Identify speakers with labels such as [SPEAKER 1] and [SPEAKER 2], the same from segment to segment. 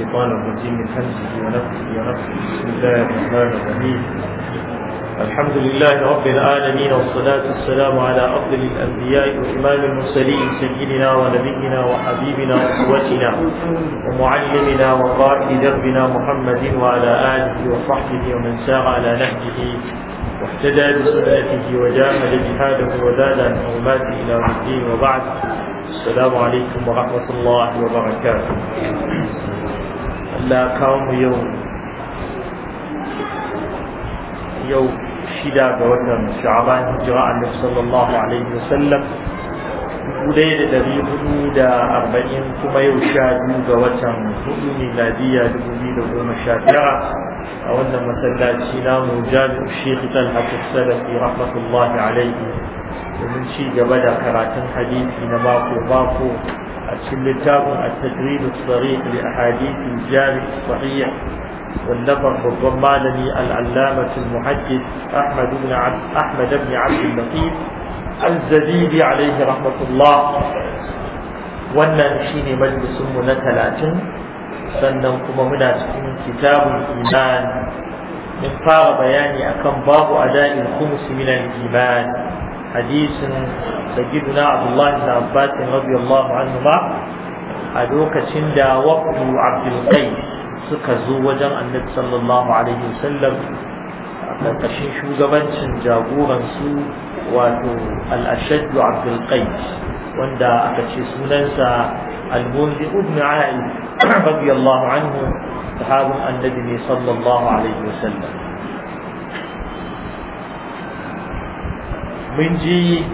[SPEAKER 1] الشيطان الرجيم من حمزه ونفسه ونفسه بسم الله الرحمن الرحيم الحمد لله رب العالمين والصلاة والسلام على أفضل الأنبياء وإمام المرسلين سيدنا ونبينا وحبيبنا وقوتنا ومعلمنا وقائد دربنا محمد وعلى آله وصحبه ومن سار على نهجه واهتدى بسنته وجاهد جهاده وزاد عن حرمات إلى الدين وبعد السلام عليكم ورحمة الله وبركاته Allah kawo mu yau yau shida ga watan sha'aban hijira annabi sallallahu alaihi wasallam dai da ɗari hudu da arba'in kuma yau sha biyu ga watan hudu miladiya dubu biyu da goma sha biyar. a wannan masallaci namu jami'u shekhi talhatu salafi rahmatullahi alaihi domin ci gaba da karatun hadisi na mako mako أشل الجابر التجريد الصريح لأحاديث الجامع الصحيح والنفر بالضمانني العلامة المحدث أحمد بن عبد أحمد بن عبد اللطيف الزبيدي عليه رحمة الله wannan shine majalisunmu na talatin sannan kuma muna cikin kitabun iman min fara bayani akan babu ada'in khums min al-iman حديث سيدنا عبد الله بن عباس رضي الله عنهما a lokacin da waqtu Abdul Qais suka zo wajen Annabi sallallahu alaihi wasallam karkashin shugabancin jagoransu su wato al-Ashad Abdul Qais wanda aka ce sunansa Al-Munzi ibn Ali radiyallahu anhu sahabin Annabi ne sallallahu alaihi mun ji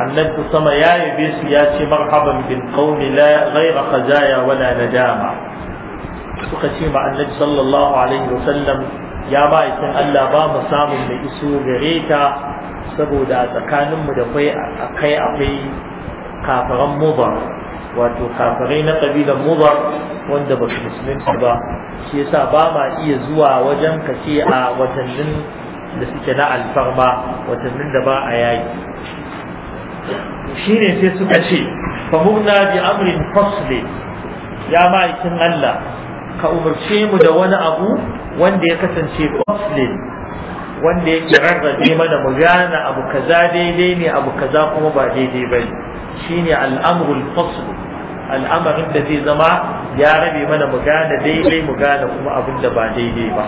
[SPEAKER 1] annabi sama ya yabe su ya ce marhaban bil qaumi la ghayra khazaya wala nadama suka ce ma annabi sallallahu alaihi sallam ya ba ikin Allah ba mu samun mai iso gare ta saboda tsakanin tsakaninmu da kai akai akwai kafaran mubar wato kafarai na kabilan mubar wanda ba su musulunci ba shi yasa ba ma iya zuwa wajen kace a watannin da suke na alfarma watannin da ba a yayi shi ne sai suka ce murna bi amrin fasli ya ma'aikin Allah ka umarce mu da wani abu wanda ya kasance fasli wanda yake rarrabe mana mu gane abu kaza daidai ne abu kaza kuma ba daidai ba ne shine al'amrul fasl al'amarin da zai zama ya rabe mana mu gane daidai mu gane kuma abin da ba daidai ba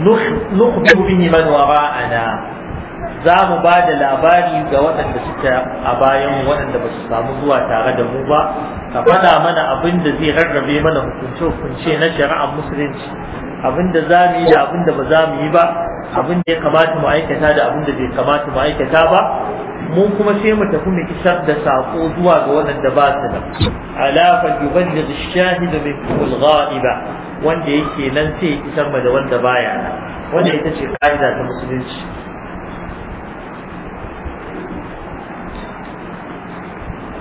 [SPEAKER 1] nukhbiru bihi man wara'ana za mu ba da labari ga waɗanda suke a bayan waɗanda ba su samu zuwa tare da mu ba ka faɗa mana abin da zai rarrabe mana hukunce-hukunce na shari'ar musulunci abin da za mu yi da abin da ba za mu yi ba abin da ya kamata mu aikata da abin da bai kamata mu aikata ba mu kuma sai mu tafi mu isar da sako zuwa ga waɗanda ba su da alafa fa yuballigh ash-shahid ghaiba wanda yake nan sai isar ma da wanda baya nan wanda ita ce ka'ida ta musulunci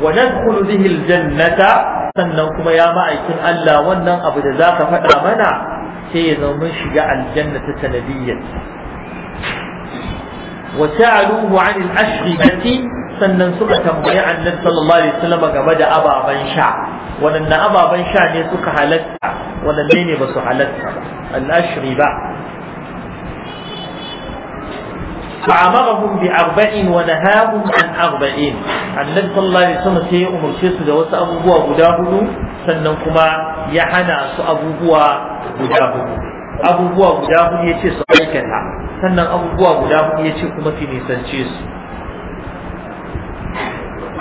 [SPEAKER 1] Wannan nadkhulu bihi sannan kuma ya ma'aikin Allah wannan abu da zaka faɗa mana sai ya zama mun shiga aljanna ta sanadiyyar wa ta'aluhu 'an al-ashghibati sannan suka tambayi annabi sallallahu alaihi wasallam game da ababan sha wadannan ababan sha ne suka halatta waɗanne ne ba su halatta ba al'ashri ba fa'amarahum bi arba'in wa nahahum an arba'in annabi sallallahu alaihi wasallam sai ya umarce su da wasu abubuwa guda hudu sannan kuma ya hana su abubuwa guda hudu abubuwa guda hudu ya ce su aikata sannan abubuwa guda hudu ya ce kuma su nisance su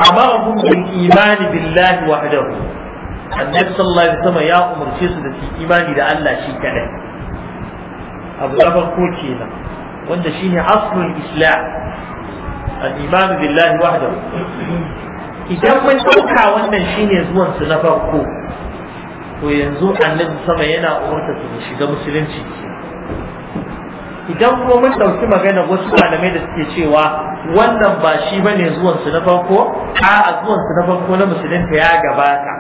[SPEAKER 1] amarahum bil imani billahi wahdahu annabi sallallahu alaihi wasallam ya umarce su da su imani da Allah shi kadai abu na farko kenan wanda shine aslul islam al-iman billahi wahdahu idan mun dauka wannan shine zuwan su na farko to yanzu annabi sama yana umarta su shiga musulunci idan kuma mun dauki magana wasu malamai da suke cewa wannan ba shi bane zuwan su na farko a zuwan su na farko na musulunta ya gabata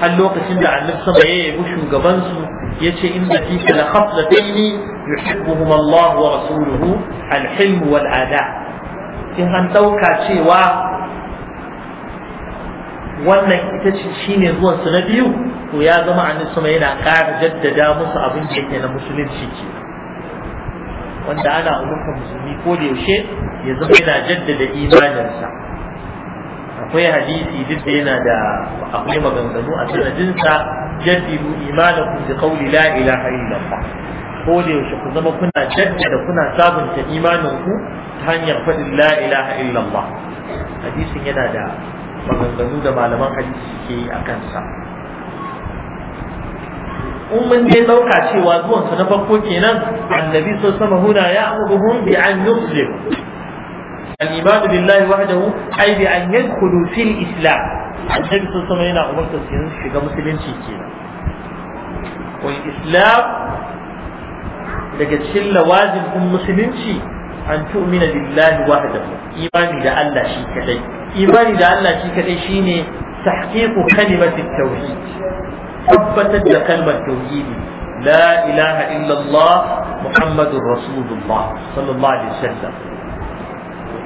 [SPEAKER 1] har lokacin da annabi sama ya yabi shugaban su yace inna fi la khaslatayn yuhibbuhuma Allah wa rasuluhu al-hilm wal ada in an dauka cewa wannan ita ce shine zuwan su na biyu to ya zama annabi sama yana ƙara jaddada musu abin da yake na musulunci ke wanda ana umurtar musulmi ko da yaushe ya zama yana jaddada imaninsa akwai hadisi duk da yana da akwai maganganu a sanadinsa jaddidu imanakum bi qawli la ilaha illallah ko da yaushe ku zama kuna jaddada kuna sabunta imanin ku ta hanyar faɗin la ilaha illallah hadisin yana da maganganu da malaman hadisi ke yi a kansa in mun dai ɗauka cewa zuwansa na farko kenan annabi sun alaihi wasallam ya amuru bi an yuslim al-iman billahi wahdahu ai bi an yadkhulu fil islam annabi sallallahu yana umarta su shiga musulunci kenan wal islam daga cikin lawazim din musulunci an tu'mina billahi wahdahu imani da Allah shi kadai imani Allah shi kadai shine tahqiqu kalimati tauhid tabbatar da kalmar tauhidi لا إله إلا الله محمد رسول الله صلى الله عليه وسلم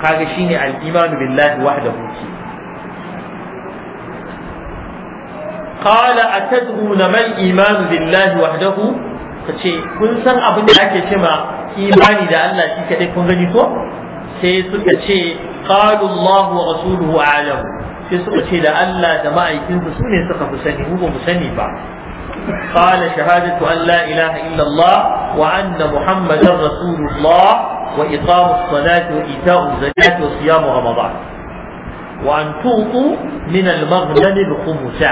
[SPEAKER 1] kaga shine al-imanu billahi wahdahu qala atadruna mal imanu billahi wahdahu kace kun san abin da ake cewa imani da Allah shi kadai kun gani ko sai suka ce qalu Allah wa rasuluhu a'lam sai suka ce da Allah da ma'aikinsa su ne suka fi sani mu ba mu sani ba قال شهادة أن لا إله إلا الله وأن محمدا رسول الله وإقام الصلاة وإيتاء الزكاة وصيام رمضان وأن تعطوا من المغنم الخمس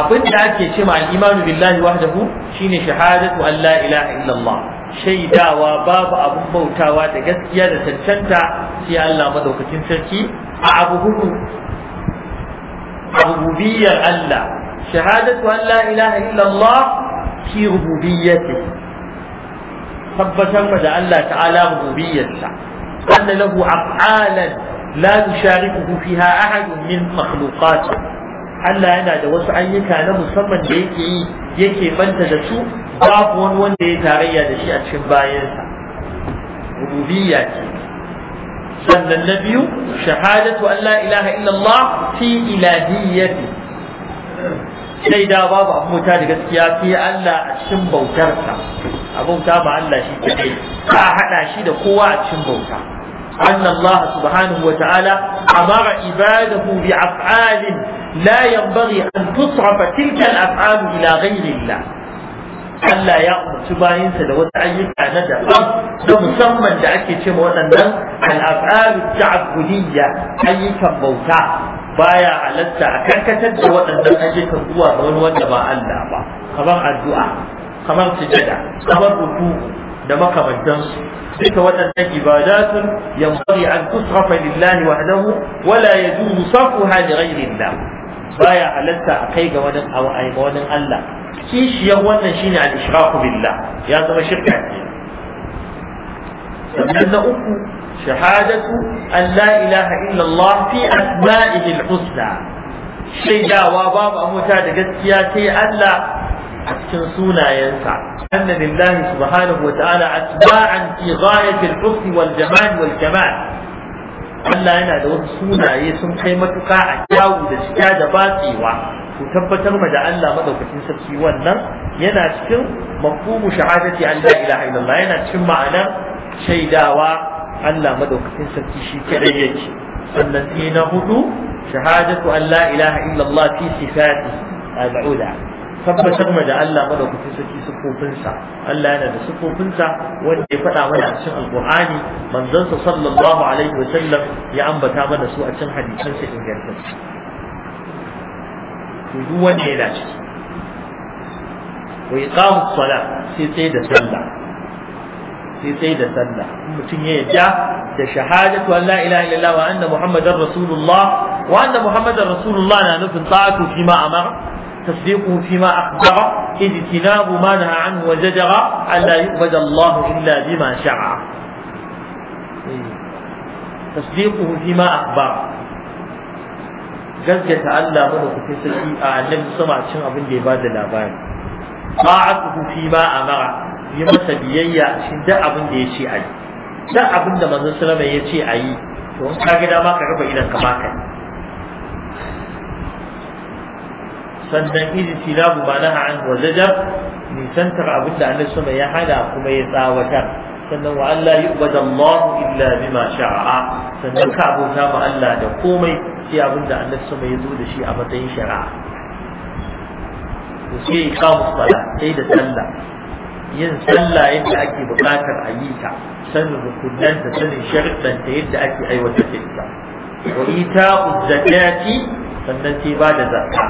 [SPEAKER 1] abin da ake ce ma al'imanu billahi wahdahu shine shahadatu an la ilaha illallah shaidawa babu abun bautawa da gaskiya da cancanta sai Allah madaukakin sarki a rububiyyar Allah shahadatu an la ilaha illallah fi rububiyyati tabbatar da Allah ta'ala rububiyyarsa anna lahu af'alan la yusharikuhu fiha ahadun min makhluqatihi Allah yana da wasu ayyuka na musamman da yake yi yake manta da su babu wani wanda ya tarayya da shi a cikin bayansa rububiyya ce sannan na biyu shahadatu an la ilaha illallah fi ilahiyyati sai da babu abin wuta da gaskiya fi Allah a cikin bautarsa abin ta ba Allah shi kadai ka hada shi da kowa a cikin bauta أن الله سبحانه وتعالى أمر عباده بأفعال لا ينبغي أن تصرف تلك الأفعال إلى غير الله Allah ya umarci bayansa da wasu ayyuka na daban da musamman da ake ce ma waɗannan al'afari ta'abbudiyya ayyukan bauta baya halatta a karkatar da waɗannan ayyukan zuwa ga wani wanda ba Allah ba kamar addu'a kamar sujada kamar ruku da makamantansu duka waɗannan ibadatun yanbaghi an tusrafa lillahi wahdahu wala yajuzu sarfuha li ghayri Allah baya halatta a kai ga wani wani Allah kishiyar wannan shine al-ishraku billah ya zama shirka ne sannan na uku shahadatu an la ilaha illallah fi asma'ihi al-husna shaidawa babu amota da gaskiya sai Allah a cikin sunayensa anna lillahi subhanahu wa ta'ala atba'an fi ghayati al-husn wal jamal wal kamal Allah yana da wasu sunaye sun kai matuka a kyawu da shiga da batsewa Ku tabbatar ma da Allah madaukakin sarki wannan yana cikin mafhumu shahadati an la ilaha illallah yana cikin ma'ana shaidawa Allah madaukakin sarki shi kadai yake sannan sai na hudu shahadatu an la ilaha illallah fi sifati al'ula tabbatar ma da Allah madaukakin sarki sufofinsa Allah yana da sufofinsa wanda ya faɗa mana a cikin alqur'ani manzon sallallahu alaihi wa sallam ya ambata mana su a cikin hadisansa ingantattu to duk wanda yana ciki wa iqamu salat sai sai da sallah sai sai da sallah mutum ya yadda da shahadatu an la ilaha illallah wa anna muhammadar rasulullah wa anna muhammadar rasulullah na nufin ta'atu fi ma amara تصديقه فيما أخبر إذ اجتناب ما نهى عنه وزجر ألا يؤبد الله إلا بما شرع تصديقه فيما أخبر gaskata Allah da kuke saki a annabi sama cin abin da ya bada labari ba'atuhu fi ma amara yi masa biyayya shi cikin duk abin da ya ce a yi duk abin da manzon sallama ya ce a yi to in ka gida ma ka raba idan ka baka sannan idi tilabu ba naha an wajajar nisantar abin da annabi sama ya hana kuma ya tsawatar sannan wa Allah yu'badallahu illa bima sha'a sannan ka abota ma Allah da komai sai abin da Allah sama ya zo da shi a matsayin shari'a to yi iqamu sala sai da sallah yin sallah yadda ake buƙatar a yi ta sanin rukunan da sanin sharuɗan ta yadda ake aiwatar da ita wa ita'u zakati sannan sai ba da zakka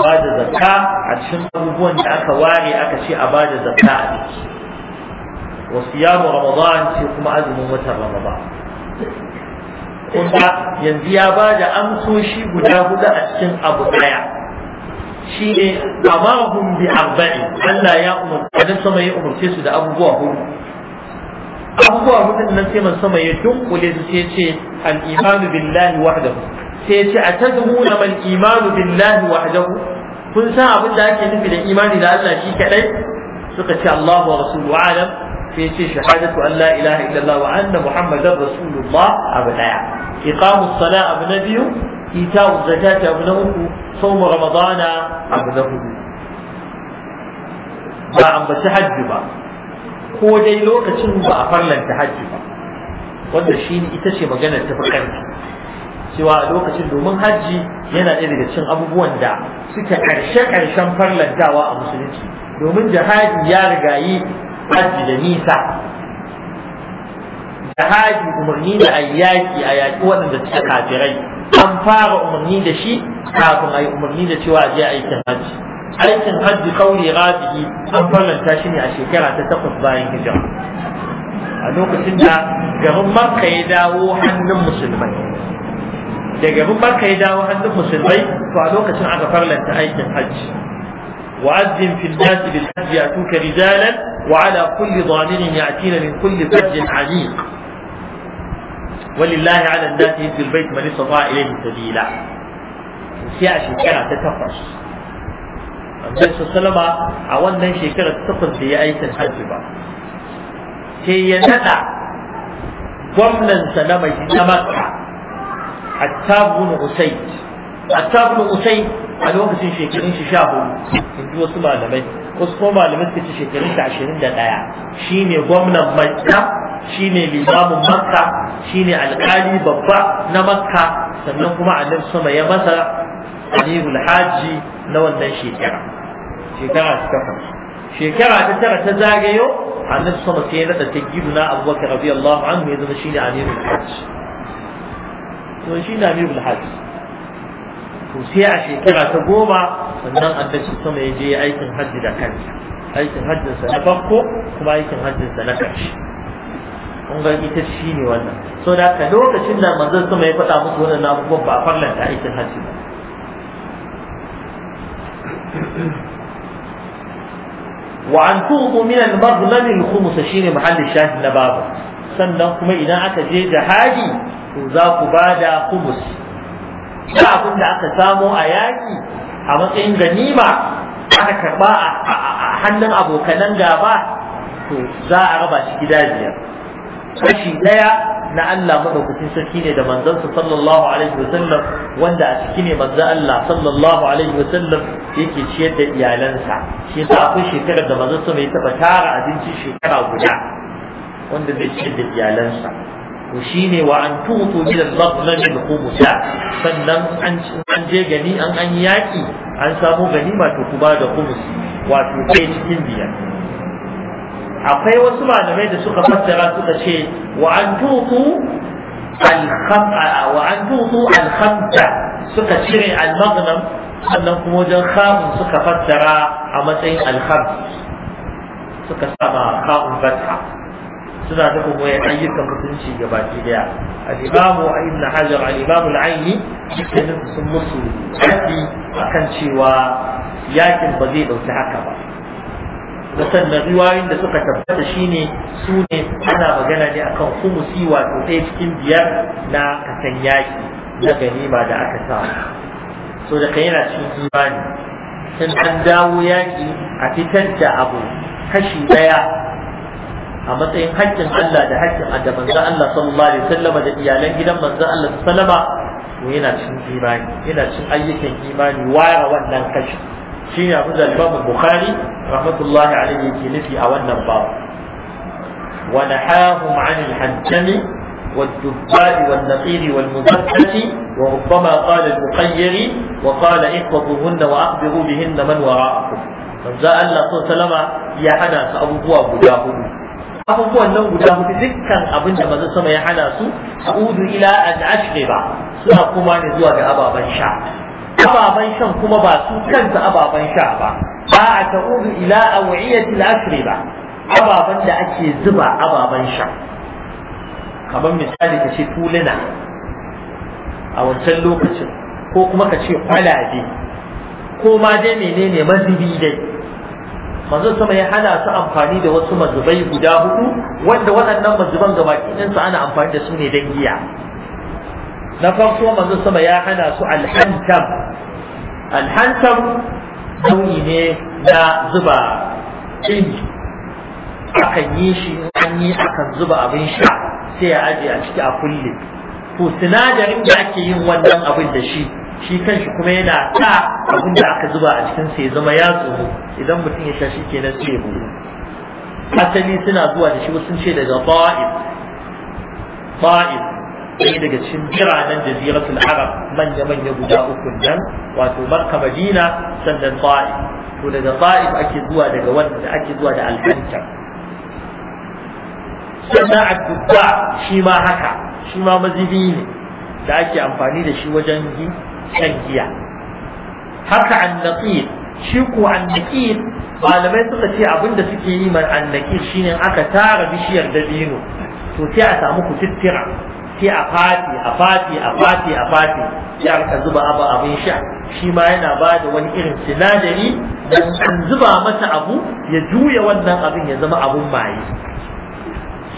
[SPEAKER 1] ba da zakka a cikin abubuwan da aka ware aka ce a ba da zakka a ciki wa siyamu ramadan sai kuma azumin watan ramadan kuma yanzu ya ba da amsoshi guda hudu a cikin abu daya shi ne amarahum bi arba'in Allah ya umarta dan sama ya umarce su da abubuwa hudu abubuwa hudu nan sai man sama ya dunkule su sai ce al imanu billahi wahdahu sai ce atadhuna man imanu billahi wahdahu kun san abin da ake nufi da imani da Allah shi kadai suka ce Allahu wa rasuluhu alam sai ce shahadatu an la ilaha illallah wa anna muhammadar rasulullah abu daya iqamus sala abu na biyu ita'uz zakati abu na uku صوم رمضان hudu. ba an baci hajji ba ko dai lokacin ba a farlanta hajji ba wanda shi ita ce maganar ta karfi cewa a lokacin domin hajji yana ɗaya daga cikin abubuwan da suke ƙarshe ƙarshen farlantawa a musulunci domin jihadi ya rigayi hajji da nisa jihadi umarni da ayyaki a yaƙi waɗanda suka kafirai an fara umarni da shi kafin a yi umarni da cewa a je aikin hajji aikin hajji kauri rabi'i an faranta shi ne a shekara ta takwas bayan hijira a lokacin da garin makka ya dawo hannun musulmai da garin makka ya dawo hannun musulmai to a lokacin aka farlanta aikin hajji وعزم في الناس بالحج يأتوك رجالا وعلى كل ضامر يأتين من كل فج عميق ولله على الناس يجزي البيت من استطاع إليه سبيلا sai a shekara ta takwas annabi a wannan shekara ta takwas bai yi aikin hajji ba sai ya nada gwamnan sa na mai na attabul usai a lokacin shekarun shi sha hudu in ji wasu malamai wasu ko malamai suka ce shekarun shi ashirin da ɗaya shi ne gwamnan makka shi ne limamin makka shi ne alƙali babba na makka sannan kuma annabi sama ya masa alihul hajji na wannan shekara shekara ta takwas shekara ta tara ta zagayo annabi sama sai ya naɗa ta gibna abubakar radiyallahu anhu ya zama shi ne alihul hajji to shi ne alihul hajji to sai a shekara ta goma sannan annabi sama ya je aikin hajji da kansa aikin hajjinsa na farko kuma aikin hajjinsa na ƙarshe kun ga ita shi ne wannan so da ka lokacin da manzon sama ya faɗa musu wannan abubuwan ba a farlanta aikin hajji ba وأن تغضوا من المظلم الخمس شين محل na نبابا sannan kuma idan aka je jihadi to za ku ba da kumus da abin da aka samo a yaƙi a matsayin ganima aka karɓa a hannun abokanan gaba to za a raba shi gida biyar kashi ɗaya na Allah madaukakin sarki ne da manzansa sallallahu alaihi wasallam wanda a ciki ne manzon Allah sallallahu alaihi wasallam yake ciyar da iyalansa shi yasa akwai shekarar da manzon sa mai taba tara abincin shekara guda wanda zai ciyar da iyalansa to shine wa an tutu min al-mazlam al-khumsa sannan an je gani an an yaki an samu ganima to ku bada da khums wato kai cikin biyar akwai wasu malamai da suka fassara suka ce wa an tutu al-khamsa wa an tutu al-khamsa suka cire al-mazlam sannan kuma wajen khamun suka fassara a matsayin al-khams suka sama khamun fatha suna ta koyan ayyukan mutunci ga baki daya al-imamu ibn hajar al-imamu al-aini dukkanin sun musu kafi akan cewa yakin ba zai ɗauki haka ba da sannan riwayoyin da suka tabbata shine su ne ana magana ne akan humusi wato ɗaya cikin biyar na kasan yaki na ganima da aka sa so da kai yana cikin imani sun an dawo yaƙi a fitar da abu kashi ɗaya. a matsayin haƙƙin Allah da haƙƙin da manzon Allah sallallahu alaihi wasallam da iyalan gidan manzon Allah sallama to yana cin imani yana cin ayyukan imani waya wannan kashi shine abu da Imam Bukhari rahmatullahi alaihi yake nufi a wannan babu wa nahahum Wa hajjami والدباء والنقير والمزكة Wa قال المخير وقال احفظوهن وأخبروا بهن من وراءكم فجاء الله صلى الله ya hada su abubuwa guda بوا abubuwan nan guda hudu dukkan abin da mazan sama ya hana su udu ila al ba, suna kuma ne zuwa ga ababen sha ababen shan kuma ba su kansu ababen sha ba ba a ta ta'udu ila awiyati al ba, ababan da ake zuba ababen sha kamar misali ka ce tuluna a wancan lokacin ko kuma ka ce kwalabe ko ma dai menene mazubi dai manzo sama ya hana su amfani da wasu mazubai guda hudu wanda waɗannan mazuban ga baki ana amfani da su ne don giya na farko manzo sama ya hana su alhantam alhantam nau'i ne na zuba inji akan yi shi an yi akan zuba abin sha sai ya aje a ciki a kulle ko sinadarin da ake yin wannan abin da shi shi kanshi kuma yana ta abin da aka zuba a cikin sa ya zama ya tsoro idan mutum ya sha shi kenan sai buru asali suna zuwa da shi sun ce daga ba'ib ba'ib ɗaya daga cikin biranen jaziratul arab manya-manya guda uku nan wato makka madina sannan ba'ib to daga ba'ib ake zuwa daga wanda ake zuwa da alhantar sannan addubba shi ma haka shi ma mazibi ne da ake amfani da shi wajen yi shan giya haka annaqid shi ko annaqid malamai suka ce abinda suke yi ma annaqid shine aka tara bishiyar dabino to sai a samu kututtura sai a fati a fati a fati a fati sai aka zuba abu abin sha shi ma yana ba da wani irin sinadari dan an zuba masa abu ya juya wannan abin ya zama abun maye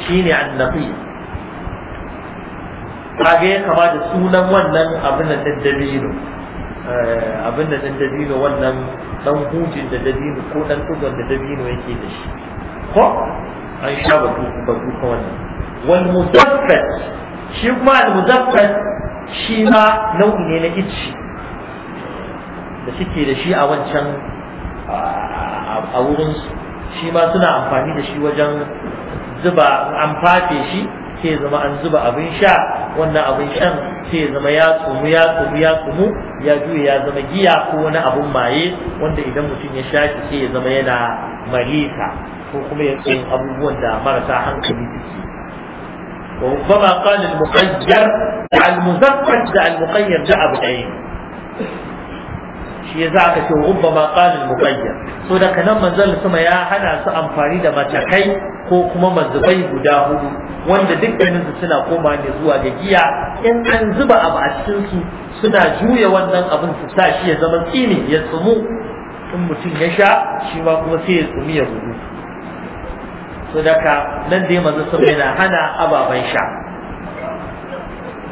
[SPEAKER 1] shine annaqid kaga ya kama da sunan wannan abin da dabino eh, abin da dabino wannan dan hujin da dabino ko dan tugon da dabino yake da shi ko an sha ba ku ko wannan wal mudaffat shi kuma al mudaffat shi ma nau'i ne na icci da suke da shi a wancan a wurin shi ma suna amfani da shi wajen zuba an fafe shi sai zama an zuba abin sha wannan abin shan sai zama ya tsumu ya tsumu ya tsumu ya juya ya zama giya ko wani abin maye wanda idan mutum ya sha shi sai ya zama yana marika ko kuma ya tsayin abubuwan da marasa hankali suke وربما da al muqayyar da abu ɗaya. shi yasa za ka ce rubba ma al muqayyar so da nan manzon sama ya hana su amfani da matakai ko kuma mazubai guda hudu wanda su suna koma ne zuwa ga giya in an zuba abu a su suna juya wannan abin su sa shi ya zama tsini ya tsumu in mutum ya sha shi ma kuma sai ya tsumi ya gudu so daga nan dai manzo sama yana hana ababen sha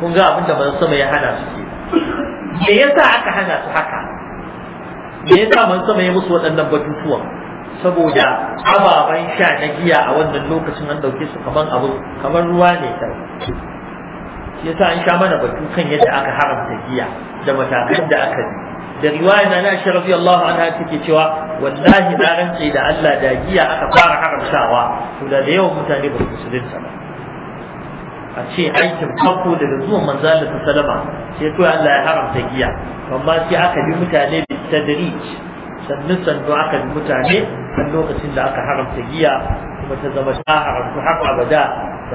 [SPEAKER 1] kun ga abin da manzo sama ya hana su ke me yasa aka hana su haka me yasa manzo sama ya musu waɗannan batutuwan saboda ababen sha na giya a wannan lokacin an ɗauke su kamar abu kamar ruwa ne ta Ya sa an sha mana batu kan yadda aka haramta giya da matakan da aka bi da riwaya na Aisha radiyallahu anha take cewa wallahi na rantse da Allah da giya aka fara haramtawa to da yawan mutane ba su musulunta ba a ce aikin farko daga zuwan manzo Allah sallama sai to Allah ya haramta giya amma sai aka bi mutane bi tadrij sannu sannu aka bi mutane kan lokacin da aka haramta giya kuma ta zama ta haramta har abada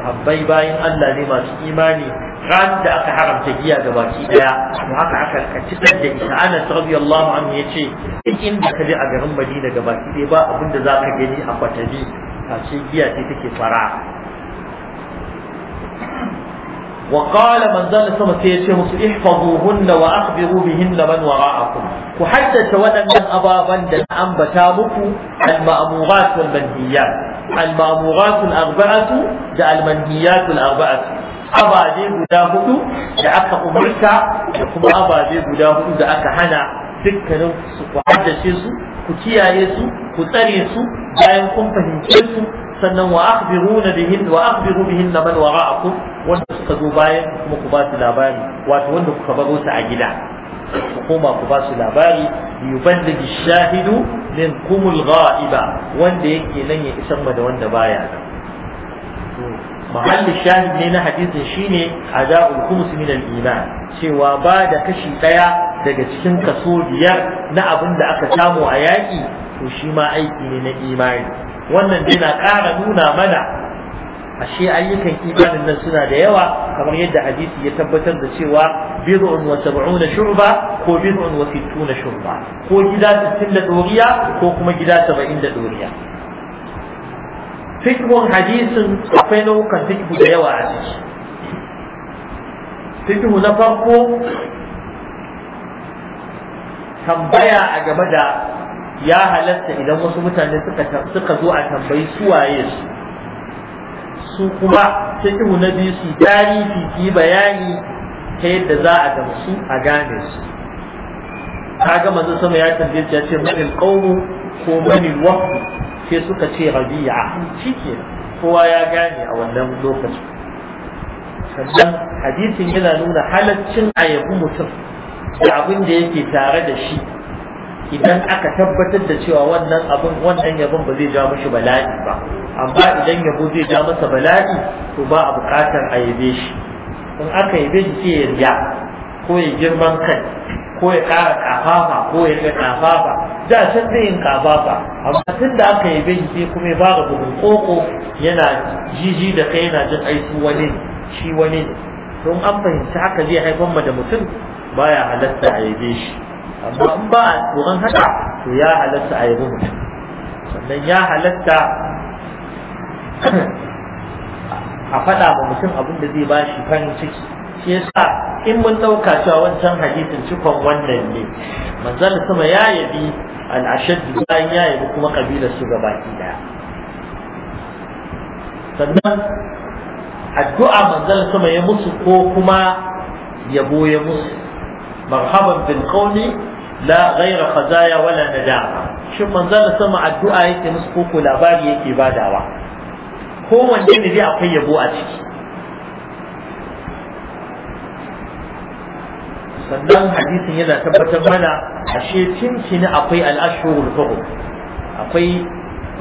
[SPEAKER 1] habbai bayan Allah ne masu imani ran da aka haramta giya ga baki daya to haka aka kacidar da ita Anas radiyallahu ya ce in inda ka je a garin Madina ga baki daya ba abin da ka gani a kwatabi a ce giya ce take fara وقال من ذلك ثم سيتهم احفظوهن واخبروا بهن من وراءكم ku haddace waɗannan ababen da na ambata muku al-ma'murat wal manhiyat al arbaatu da al-manhiyat al-arba'atu ababe guda hudu da aka umurta da kuma ababe guda hudu da aka hana dukkanin su ku haddace su ku kiyaye su ku tsare su bayan kun fahimce su sannan wa akhbiruna bihin wa akhbiru bihin man wara'akum wanda suka zo bayan kuma ku ba su labari wato wanda kuka baro su a gida ku ku ba su labari yuballighi shahidu min kumul ghaiba wanda yake nan ya isan ma da wanda baya mahallin shahid ne na hadisin shine ada'ul khums min al-iman cewa ba da kashi daya daga cikin kaso biyar na abin da aka samu a yaki to shi ma aiki ne na imani wannan dai na kara nuna mana ashe ayyukan imanin nan suna da yawa kamar yadda hadisi ya tabbatar da cewa bid'un wa sab'una shurba ko bid'un wa sittuna shurba ko gida 60 da doriya ko kuma gida 70 da doriya fikhun hadisin akwai nau'ukan fikhu da yawa a ciki fikhu na farko tambaya a game da ya halatta idan wasu mutane suka zo a tambayi suwaye su su kuma ta ihu na biyu su tarihi ki bayani ta yadda za a ga su a gane su kaga manzo sama ya tambaye ya ce manil qawmu ko manil waqtu sai suka ce rabi'a shike kowa ya gane a wannan lokacin sannan hadisin yana nuna halaccin ayyabu mutum da abin da yake tare da shi idan aka tabbatar da cewa wannan abin wannan yabon ba zai ja mushi bala'i ba amma idan yabo zai ja masa bala'i to ba a buƙatar a yabe shi in aka yabe shi ke ya ko ya girman kai ko ya ƙara ƙafafa ko ya ga ƙafafa da san zai yin ƙafafa amma tun da aka yabe shi sai kuma ya fara bugun ƙoƙo yana jiji da kai yana jin aiki wani shi wani ne don an fahimci haka zai haifar ma da mutum baya halatta a yabe shi amma in ba a tsoron haka to ya halatta a yabe mutum sannan ya halatta a faɗa ba mutum abin da zai ba shi farin ciki shi sa in mun ɗauka cewa wancan hadisin cikon wannan ne manzal sama ya yabi al'ashad bayan ya yabi kuma ƙabilar su gabaki daya sannan addu'a manzal sama ya musu ko kuma yabo ya musu marhaban bil qawli la ghayra khazaya wala nadama shin manzal sama addu'a yake musu ko labari yake badawa kowanne ne dai akwai yabo a ciki sannan hadisin yana tabbatar mana ashe tintini akwai al'ashurul hurum akwai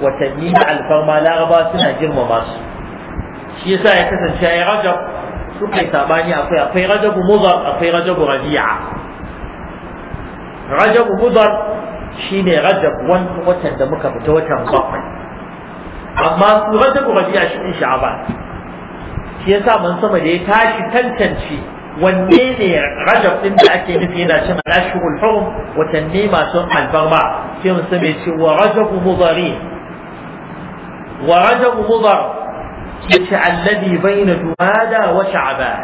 [SPEAKER 1] watanni na alfarma laraba suna girmama su shi yasa ya kasance ya rajab suka yi sabani akwai akwai rajabu mudar akwai rajabu rabi'a rajabu mudar shine rajab wani watan da muka fita watan bakwai amma su rajab rabi a cikin sha'aban shi yasa mun sama da ya tashi tantance wanne ne rajab din da ake nufi yana cin al-ashhurul hurum watanni masu albarma shi mun sabe ce wa rajab mudari wa rajab mudar yace alladhi baina jumada wa sha'ban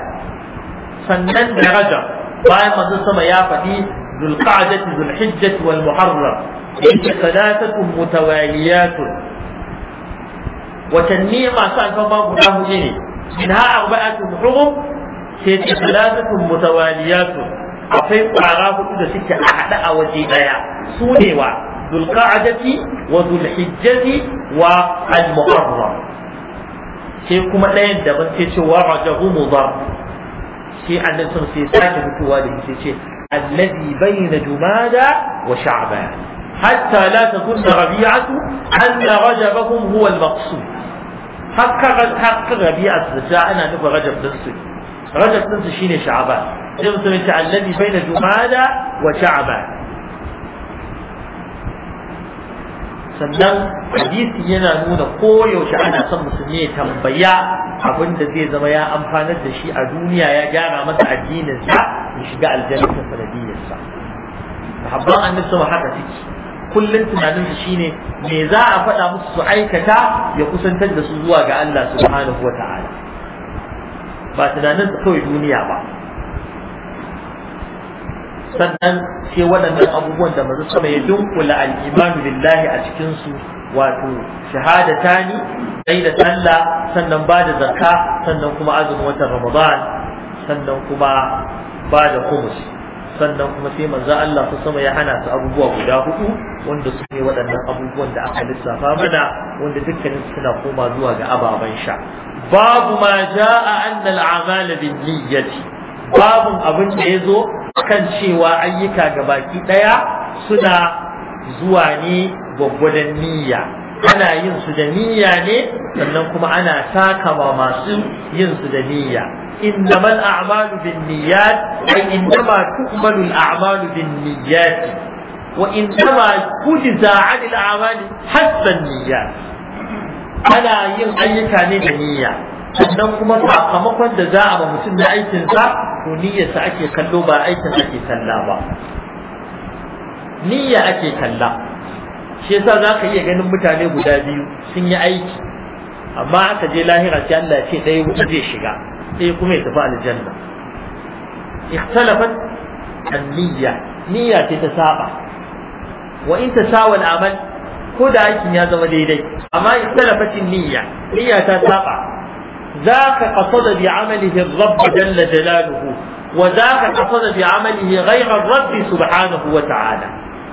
[SPEAKER 1] sannan da rajab bayan mun sama ya faɗi ذو القعدة ذو الحجة والمحرم إن ثلاثة متواليات وتنمية ما سأل فما قلناه إني منها أربعة حرم سيد ثلاثة متواليات أفي أعراف كل ستة أحد أو جيبايا سوني و ذو القعدة وذو الحجة والمحرم شيخكم الآن دابا تيتشو ورجه مضر شيء أن نسمى سيساك بتواليه الذي بين جمادى وشعبان حتى لا تكون ربيعة أن رجبهم هو المقصود hakkar rabi'a su ta ana nufa rajab din su rajab din su shine sha'aban sai mutum ya ce allazi baina jumada wa sha'aban sannan hadisi yana nuna koyaushe ana son musulmi ya tambaya abin da zai zama ya amfanar da shi a duniya ya gyara masa addininsa ya shiga aljanna sanadiyyarsa sahabban annabi haka suke kullum tunaninsu shine me za a faɗa musu su aikata ya kusantar da su zuwa ga Allah subhanahu wa ta'ala ba tunanin su kawai duniya ba sannan sai waɗannan abubuwan da mazu sama ya dunkula al'imanu lillahi a cikinsu wato shahadatani sai da sallah sannan ba da zakka sannan kuma azumin watan ramadan sannan kuma ba da kumus sannan kuma sai manzo Allah ta sama ya hana su abubuwa guda hudu wanda su ne waɗannan abubuwan da aka lissafa mana wanda dukkanin suna koma zuwa ga ababen sha babu ma jaa anna al-a'mal bin niyyati babu abin da yazo kan cewa ayyuka ga baki daya suna zuwa ne gwaggwadon niyya ana yin su da niyya ne sannan kuma ana takawa masu yin su da niyya إنما الأعمال بالنيات أي إنما تقبل الأعمال بالنيات وإنما تجزى عن الأعمال حسب النيات أنا ين أيك ne da niyya sannan kuma sakamakon da za a ba mutum da aikinsa to niyyarsa ake kallo ba aikin ake kalla ba niyya ake kalla shi yasa za ka iya ganin mutane guda biyu sun yi aiki amma aka je lahira sai Allah ce ɗaya wuta zai shiga sai kuma ya tafi aljanna ikhtalafat an-niyya niyya ce ta saba wa in tasawal amal ko da aikin ya zama daidai amma ikhtalafat an-niyya niyya ta saba ذاك قصد بعمله الرب جل جلاله وذاك قصد بعمله غير الرب سبحانه وتعالى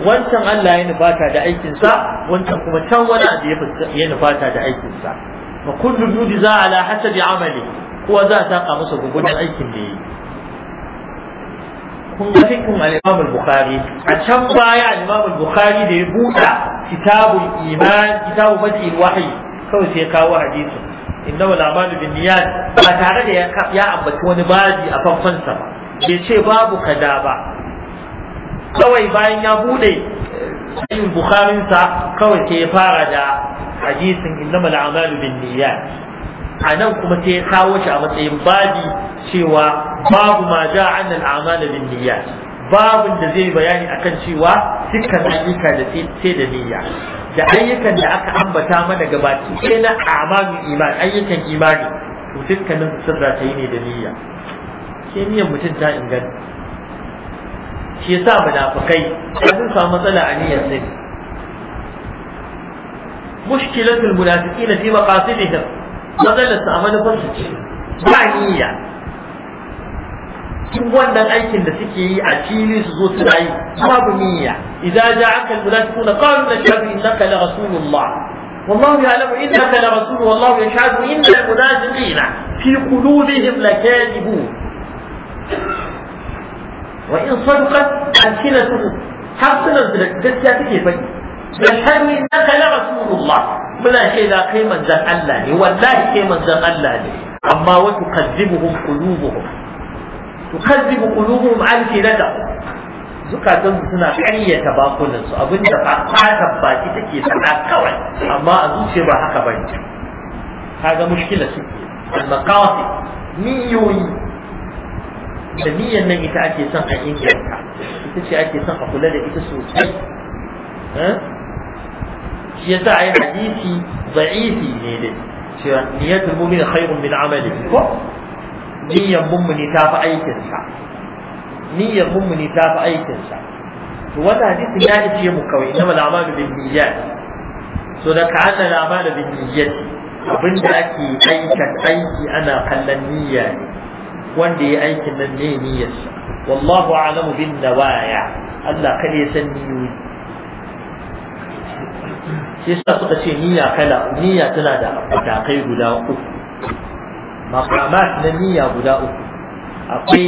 [SPEAKER 1] wancan Allah ya nufata da aikinsa wancan kuma can wani abu ya nufata da aikinsa fa kullu yujza ala hasabi amalihi kowa za a saka masa gugunan aikin da yi kun ga fikin al-Imam al-Bukhari a can baya al-Imam al-Bukhari da ya buɗa kitabul iman kitabu fadil wahyi kawai sai kawo hadisi inna wal a'malu bin niyyat ba tare da ya ambaci wani babi a farkon sa ba bai ce babu kaza ba kawai bayan ya buɗe sayin eh, Bukharin sa kawai sai ya fara da hadisin inna wal a'malu bin niyyat a nan kuma sai ya kawo shi a matsayin babi cewa babu ma ja an al'amala bin niyya babu da zai bayani akan cewa dukkan ayyuka da sai da niyya da ayyukan da aka ambata mana gabaki sai na amalul iman ayyukan imani to dukkanin su sirra ta yi ne da niyya ke niyyar mutum ta inganta shi yasa munafikai sun samu matsala a niyyar sai mushkilatul munafiqina fi maqasidihim matsalarsa a manufarsu ce ba niyya duk wannan aikin da suke yi a fili su zo su rayu babu niyya idan ja aka munafiquna qalu nashhadu innaka la rasulullah والله يعلم انك لرسول والله يشهد ان المنافقين في قلوبهم لكاذبون وان صدقت السنتهم حسنا بالجسد كيف يشهد انك لرسول الله muna ce za kai manzan Allah ne wallahi kai manzan Allah ne amma wa tukazzibuhum qulubuhum tukazzibu qulubuhum alfinata zukatan suna ƙaryata bakunan su da aka baki take sana kawai amma a zuciya ba haka bane kaga mushkila su al-maqasid miyoyi, da niyyar nan ita ake son a inganta ita ce ake son a kula da ita sosai eh? shi yasa ai hadisi da'ifi ne dai cewa niyyatul mu'min khairun min amali ko niyyar mummuni ta fi aikinsa niyyar mummuni ta fi aikinsa to wata hadisi ya ishe mu kawai na malama da bin niyyat so da ka ana lama da bin niyyat abin da ake aikata aiki ana kallon niyya ne wanda ya aikin nan ne niyyarsa wallahu a'lamu bin nawaya Allah kada ya san niyoyi shi yasa suka ce niyya kala niyya tana da matakai guda uku maqamat na niyya guda uku akwai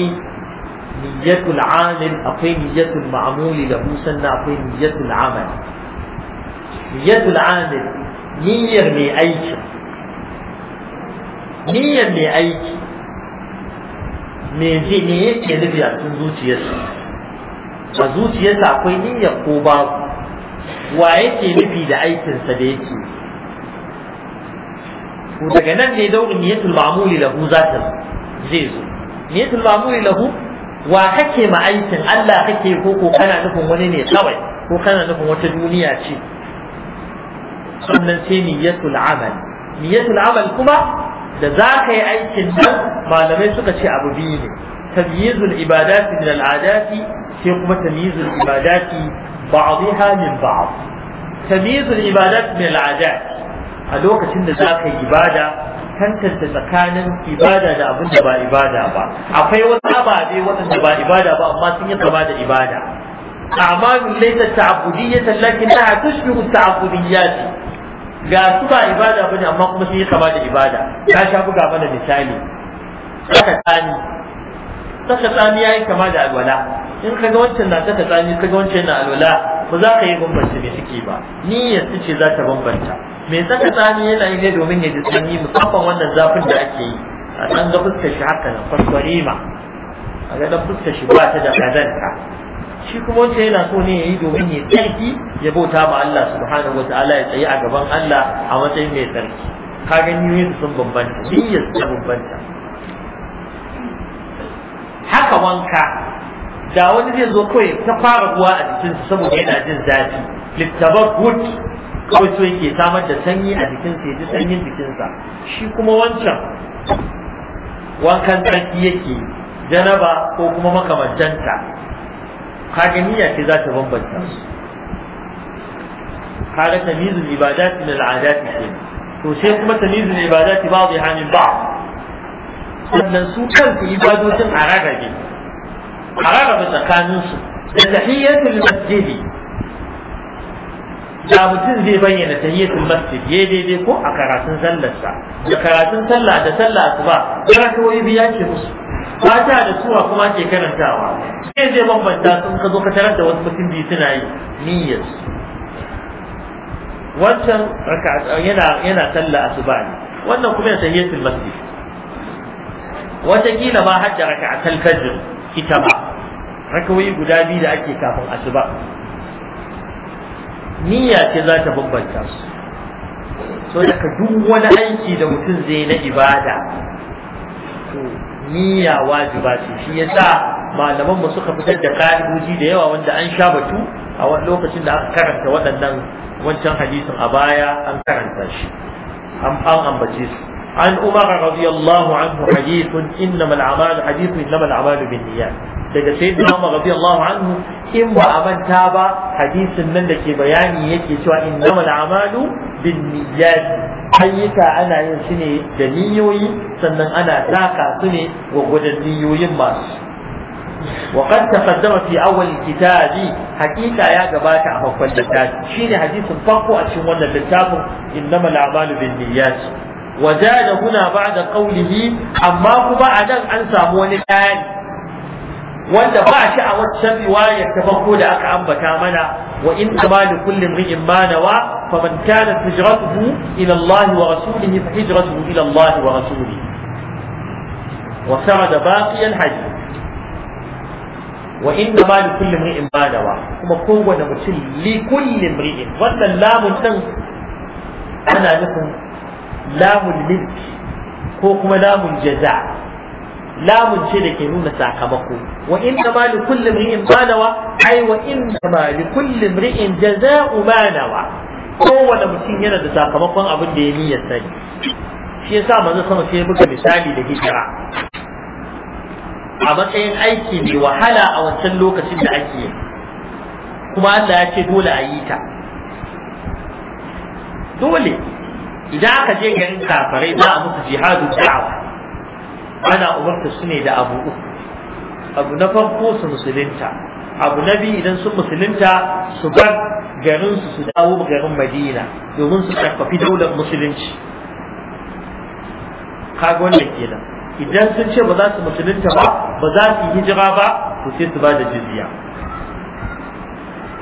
[SPEAKER 1] niyyatul amil akwai niyyatul ma'mul musan na akwai niyyatul amal niyyatul amil niyyar mai aiki niyyar mai aiki me zai ne yake nufi a cikin zuciyarsa a zuciyarsa akwai niyyar ko babu wa yake nufi da aikinsa da yake ko daga nan ne daurin niyatul ma'muli lahu za ta zai zo niyatul ma'muli lahu wa kake ma aikin Allah kake ko ko kana nufin wani ne kawai ko kana nufin wata duniya ce sannan sai niyatul amal niyatul amal kuma da za ka yi aikin nan malamai suka ce abu biyu ne tabyizul ibadati min al'adati sai kuma tamyizul ibadati بعضها من بعض تمييز العبادات من العادات a lokacin da za ka yi ibada tantance tsakanin ibada da abin da ba ibada ba akwai wasu ababe waɗanda ba ibada ba amma sun yi kama da ibada a'malu laysa ta'budiyyatan lakinnaha tushbihu ta'budiyyat ga su ba ibada bane amma kuma sun yi kama da ibada ka sha buga mana misali aka saka tsami ya yi kama da alwala in kaga wancan na saka tsami kaga wancan na alwala ba za ka yi bambanta mai suke ba niyyar su ce za ta bambanta Mai saka tsami yana yi ne domin ya ji sanyi musamman wannan zafin da ake yi a ɗan ga fuskar shi haka nan ma a ga ɗan fuskar shi ba ta da kazanta shi kuma wancan yana so ne ya yi domin ya tsarki ya bauta ma Allah subhanahu wataala ya tsayi a gaban Allah a matsayin mai tsarki ka gani sun bambanta niyyar sun bambanta haka wanka da wani zai zo kawai ta fara ruwa a jikinsa saboda yana jin zafi littabar kawai so yake samar da sanyi a jikinsa ya ji sanyin jikinsa shi kuma wancan wankan tsarki yake janaba ko kuma makamantanta kaganiya ce za ta bambanta su kaga tamizul ibadati min al'adati ke to sai kuma tamizul ibadati ba'dha min ba'd sannan su kansu ibadocin ne rarrabe ba tsakanin su da tahiyyatul masjidi da mutum zai bayyana tahiyyatul masjid ya daidai ko a karatun sallarsa da karatun sallah da sallah ba ya wani biya ke musu fata da suwa kuma ke karantawa sai zai bambanta sun ka zo ka tarar da wasu mutum biyu suna yi niyyar wancan yana yana sallah asuba ne wannan kuma yana tahiyyatul masjid watakila ba har raka a talfajir ita ba rakawai guda biyu da ake kafin asuba niyya ce za ta bambanta su so daga duk wani aiki da mutum zai na ibada to niyya wajiba ce shi yasa malaman mu suka fitar da ka'idoji da yawa wanda an sha batu a wani lokacin da aka karanta waɗannan wancan hadisin a baya an karanta shi an ambace su عن عمر رضي الله عنه حديث انما الاعمال حديث انما الاعمال بالنيات daga sayyidina umar radiyallahu anhu in ba a manta ba hadisin nan da ke bayani yake cewa innama al'amalu bin niyyat ana yin su ne da niyoyi sannan ana taka su ne wa gudan masu wa qad taqaddama fi awwal kitabi haqiqa ya gabata a farkon littafi shine hadisin farko a cikin wannan littafin innama al'amalu bin وزاد هنا بعد قوله أما كما أدن أن سامون الآن وأنت باشا أوتشم رواية تفقود أك أنبتا منا وإن أمان كل امرئ ما نوى فمن كانت هجرته إلى الله ورسوله فهجرته إلى الله ورسوله وسرد باقي الحديث وإنما لكل امرئ ما نوى كما قوة مسلم لكل امرئ وأن اللام أنا لكم lamun milk ko kuma lamun jaza lamun ce da ke nuna sakamako wa inna ma li kulli mri'in ma nawa ai wa inna ma li kulli mri'in jaza'u ma kowane mutum yana da sakamakon abin da ya niyyar sani shi yasa manzo sama sai buga misali da hijira a matsayin aiki mai wahala a wancan lokacin da ake yi kuma Allah ya ce dole a yi ta dole idan aka je garin kafarai za a muku jihadu da'awa ana umarta su ne da abu uku abu na farko su musulunta abu na biyu idan sun musulunta su bar garin su su dawo garin madina domin su tsakafi daular musulunci kaga wannan kenan idan sun ce ba za su musulunta ba ba za su hijira ba to sai su ba da jizya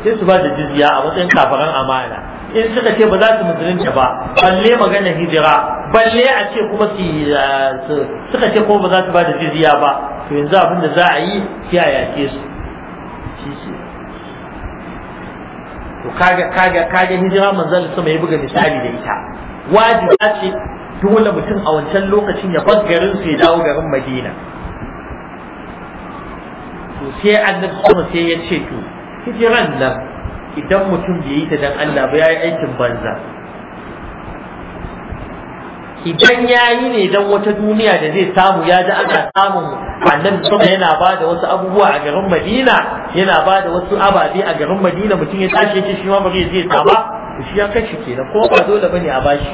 [SPEAKER 1] sai su ba da jizya a matsayin kafaran amana in suka ce ba za su musulunta ba balle magana hijira balle a ce kuma su eh, suka ce ko ba za su ba da jizya ba to yanzu abin da za a yi sai a yake su to kaga kaga kaga hijira manzon sama ya buga misali da ita wajiba ce dole mutum a wancan lokacin ya bar garin su ya dawo garin Madina to sai annabi sama sai ya ce to hijiran nan idan mutum bai yi ta dan Allah ba yayi aikin banza idan yayi ne dan wata duniya da zai samu ya ji ana samun annabi sama yana ba da wasu abubuwa a garin Madina yana ba da wasu ababe a garin Madina mutum ya tashi yake shi ma ba zai je ta ba shi ya kashi kenan ko ba dole ne a bashi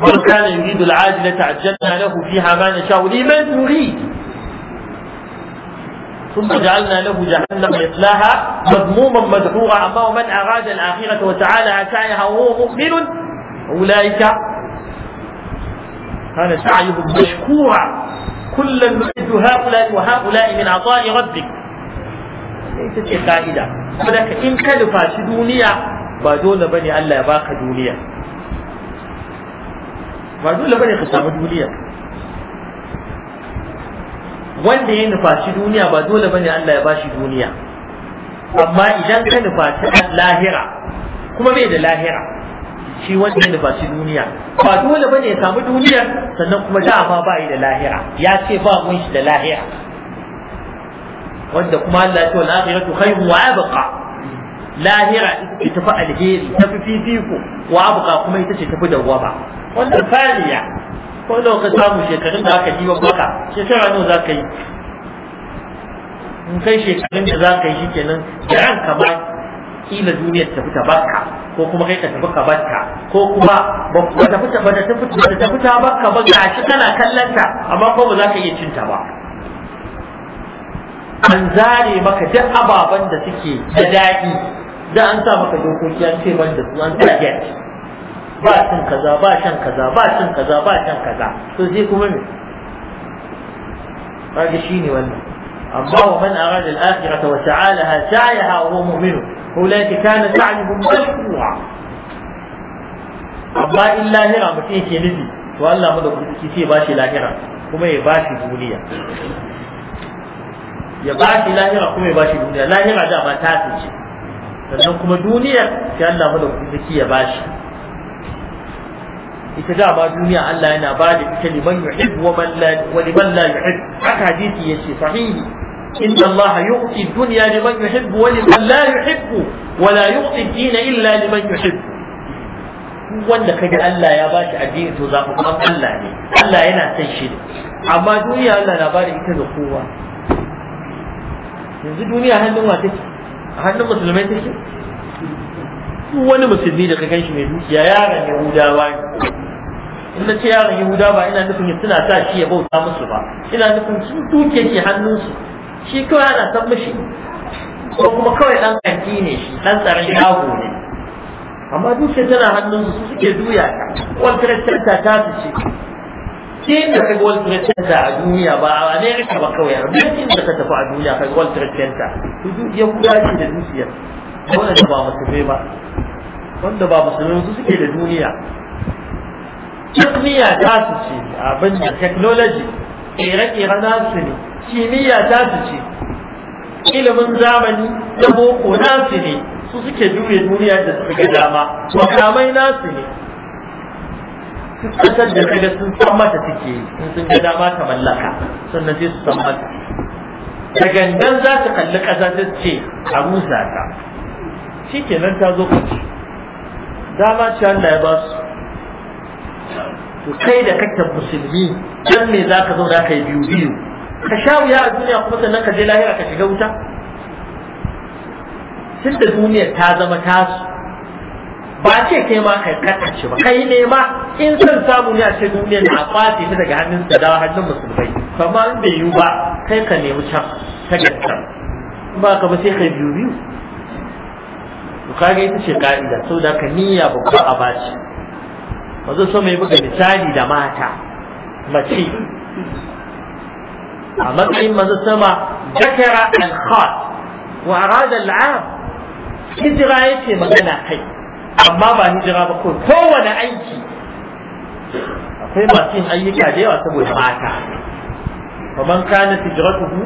[SPEAKER 1] man kana yuridu al-ajila ta'ajjalna lahu fiha ma nasha'u liman yurid ثم جعلنا له جهنم يصلاها مذموما مدحورا أما من أراد الآخرة وتعالى سعيها وهو مؤمن أولئك كان سعيهم مشكورا كلا نعد هؤلاء وهؤلاء من عطاء ربك ليست ce قاعده saboda ان ka nufaci duniya بني dole bane Allah ya بني duniya ba wanda ya nufaci duniya ba dole bane Allah ya bashi duniya amma idan ka nufaci lahira kuma bai da lahira shi wanda ya nufaci duniya ba dole bane ya samu duniyar sannan kuma dama ba yi da lahira ya ce ba mun shi da lahira wanda kuma Allah ya ce wal akhiratu khayrun wa abqa lahira ita fa alheri fi fifiko wa abqa kuma ita ce tafi dawwaba wannan fariya ko da ka samu shekarun da aka jiwa baka shekara nawa za ka yi in kai shekarun da za ka yi shikenan da ranka ba kila duniya tafi ta baka ko kuma kai ka tafi ka barka ko kuma ba ta fita ba ta tafi ta fita baka ba shi kana kallanta amma ko ba za ka iya cinta ba an zare maka duk ababen da suke da daɗi da an sa maka dokoki an ce ban da su an sa get ba cin kaza ba shan kaza ba cin kaza ba shan kaza to sai kuma ne kaga shine wannan amma wa man arada al-akhirata wa ta'alaha sa'yaha wa huwa mu'min ulaika kana sa'yuhum mashkura amma in lahira mutum yake nufi to Allah mu da kuɗi sai ba shi lahira kuma ya ba shi duniya ya ba shi lahira kuma ya ba shi duniya lahira da ba ta ce sannan kuma duniyar sai Allah mu da kuɗi ya ba shi ita dama duniya Allah yana ba da ita liman yuhib wa liman la yuhib haka hadisi yace sahihi inna Allah yu'ti dunya liman yuhib wa liman la yuhib wa la yu'ti ad-din illa liman yuhib wanda kaga Allah ya bashi addini to zaɓi kuma Allah ne Allah yana son shi amma duniya Allah na ba da ita ga kowa yanzu duniya hannun wa take hannun musulmai take wani musulmi da ka gan shi mai dukiya yaran yahudawa ne in na ce yaron yahuda ba ina nufin ya suna sa shi ya bauta musu ba ina nufin su duke ke hannunsu shi kawai ana san mishi ko kuma kawai dan kanti ne shi dan tsaron shago ne amma duke tana hannunsu su suke duya ta waltar canta ta su ce ke inda ka ga waltar a duniya ba a amerika ba kawai a duk inda ka tafi a duniya ka ga waltar canta su yahuda ce da dukiyar wanda ba musulmai ba wanda ba musulmai su suke da duniya kimiyya ta su ce abin da technology ƙere-ƙere na su ne kimiyya ta su ce ilimin zamani da boko na su ne su suke juye duniya da su ga dama makamai na su ne kasar da kaga sun san mata suke yi sun ga dama ta mallaka sannan sai su san mata da gandan za ta kalli ƙasa ta ce a musa ta shi nan ta zo kwanci dama ce Allah ya ba su to kai da kake musulmi dan me zaka zauna kai biyu biyu ka sha wuya a duniya kuma sannan ka je lahira ka shiga wuta tun da duniya ta zama tasu ba ce kai ma kai katace ba kai ne ma in san samu ne a ce duniya na kwace ta daga hannun da dawa hannun musulmai amma in bai yiwu ba kai ka nemi can ka gaskar ba ka ba sai kai biyu biyu ka kaga ita ce ka'ida saboda ka niyya babba a baci wanzu so mai buga misali da mata mace a matsayin manzo sama dakara al-khas wa arada al-am hijira yake magana kai amma ba hijira ba ko kowane aiki akwai masu yin ayyuka da yawa saboda mata faman kana hijratuhu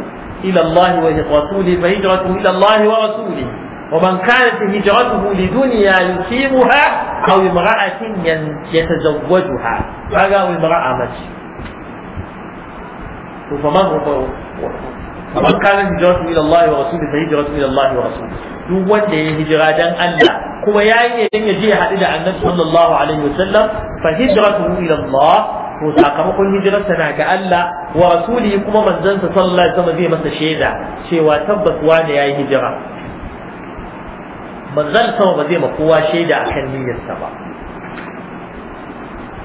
[SPEAKER 1] ila Allah wa rasulihi fa hijratuhu ila Allah wa rasulihi ومن كانت هجرته لدنيا يصيبها أو امرأة يتزوجها فقالوا امرأة مجي فمن ومن كانت هجرته إلى الله ورسوله فهجرته إلى الله ورسوله duk wanda ya hijira dan Allah kuma ya yi ne ya haɗu da annabi sallallahu alaihi wasallam fa hijratuhu ila Allah to sakamakon hijirarsa na ga Allah wa rasuli kuma manzansa sallallahu alaihi wasallam zai masa shaida cewa tabbas wanda ya hijira manzon sama ba zai ma kowa shaida akan niyyarsa ba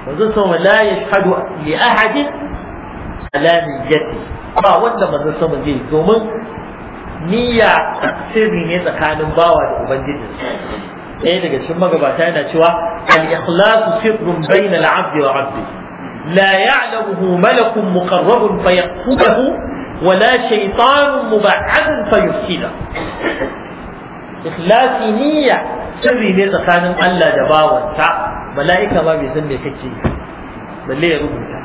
[SPEAKER 1] manzon sama la yashhadu li ahadin ala niyyati ba wanda manzon sama zai domin niyya sirri ne tsakanin bawa da ubangijinsa ɗaya daga cikin magabata yana cewa al-ikhlasu sirrun bayna al-'abdi wa 'abdi la ya'lamuhu malakun muqarrabun fayaqubahu ولا شيطان مبعد فيفسده ikhlasi niyya sirri ne tsakanin Allah da bawansa mala'ika ba bai san me kake yi balle ya rubuta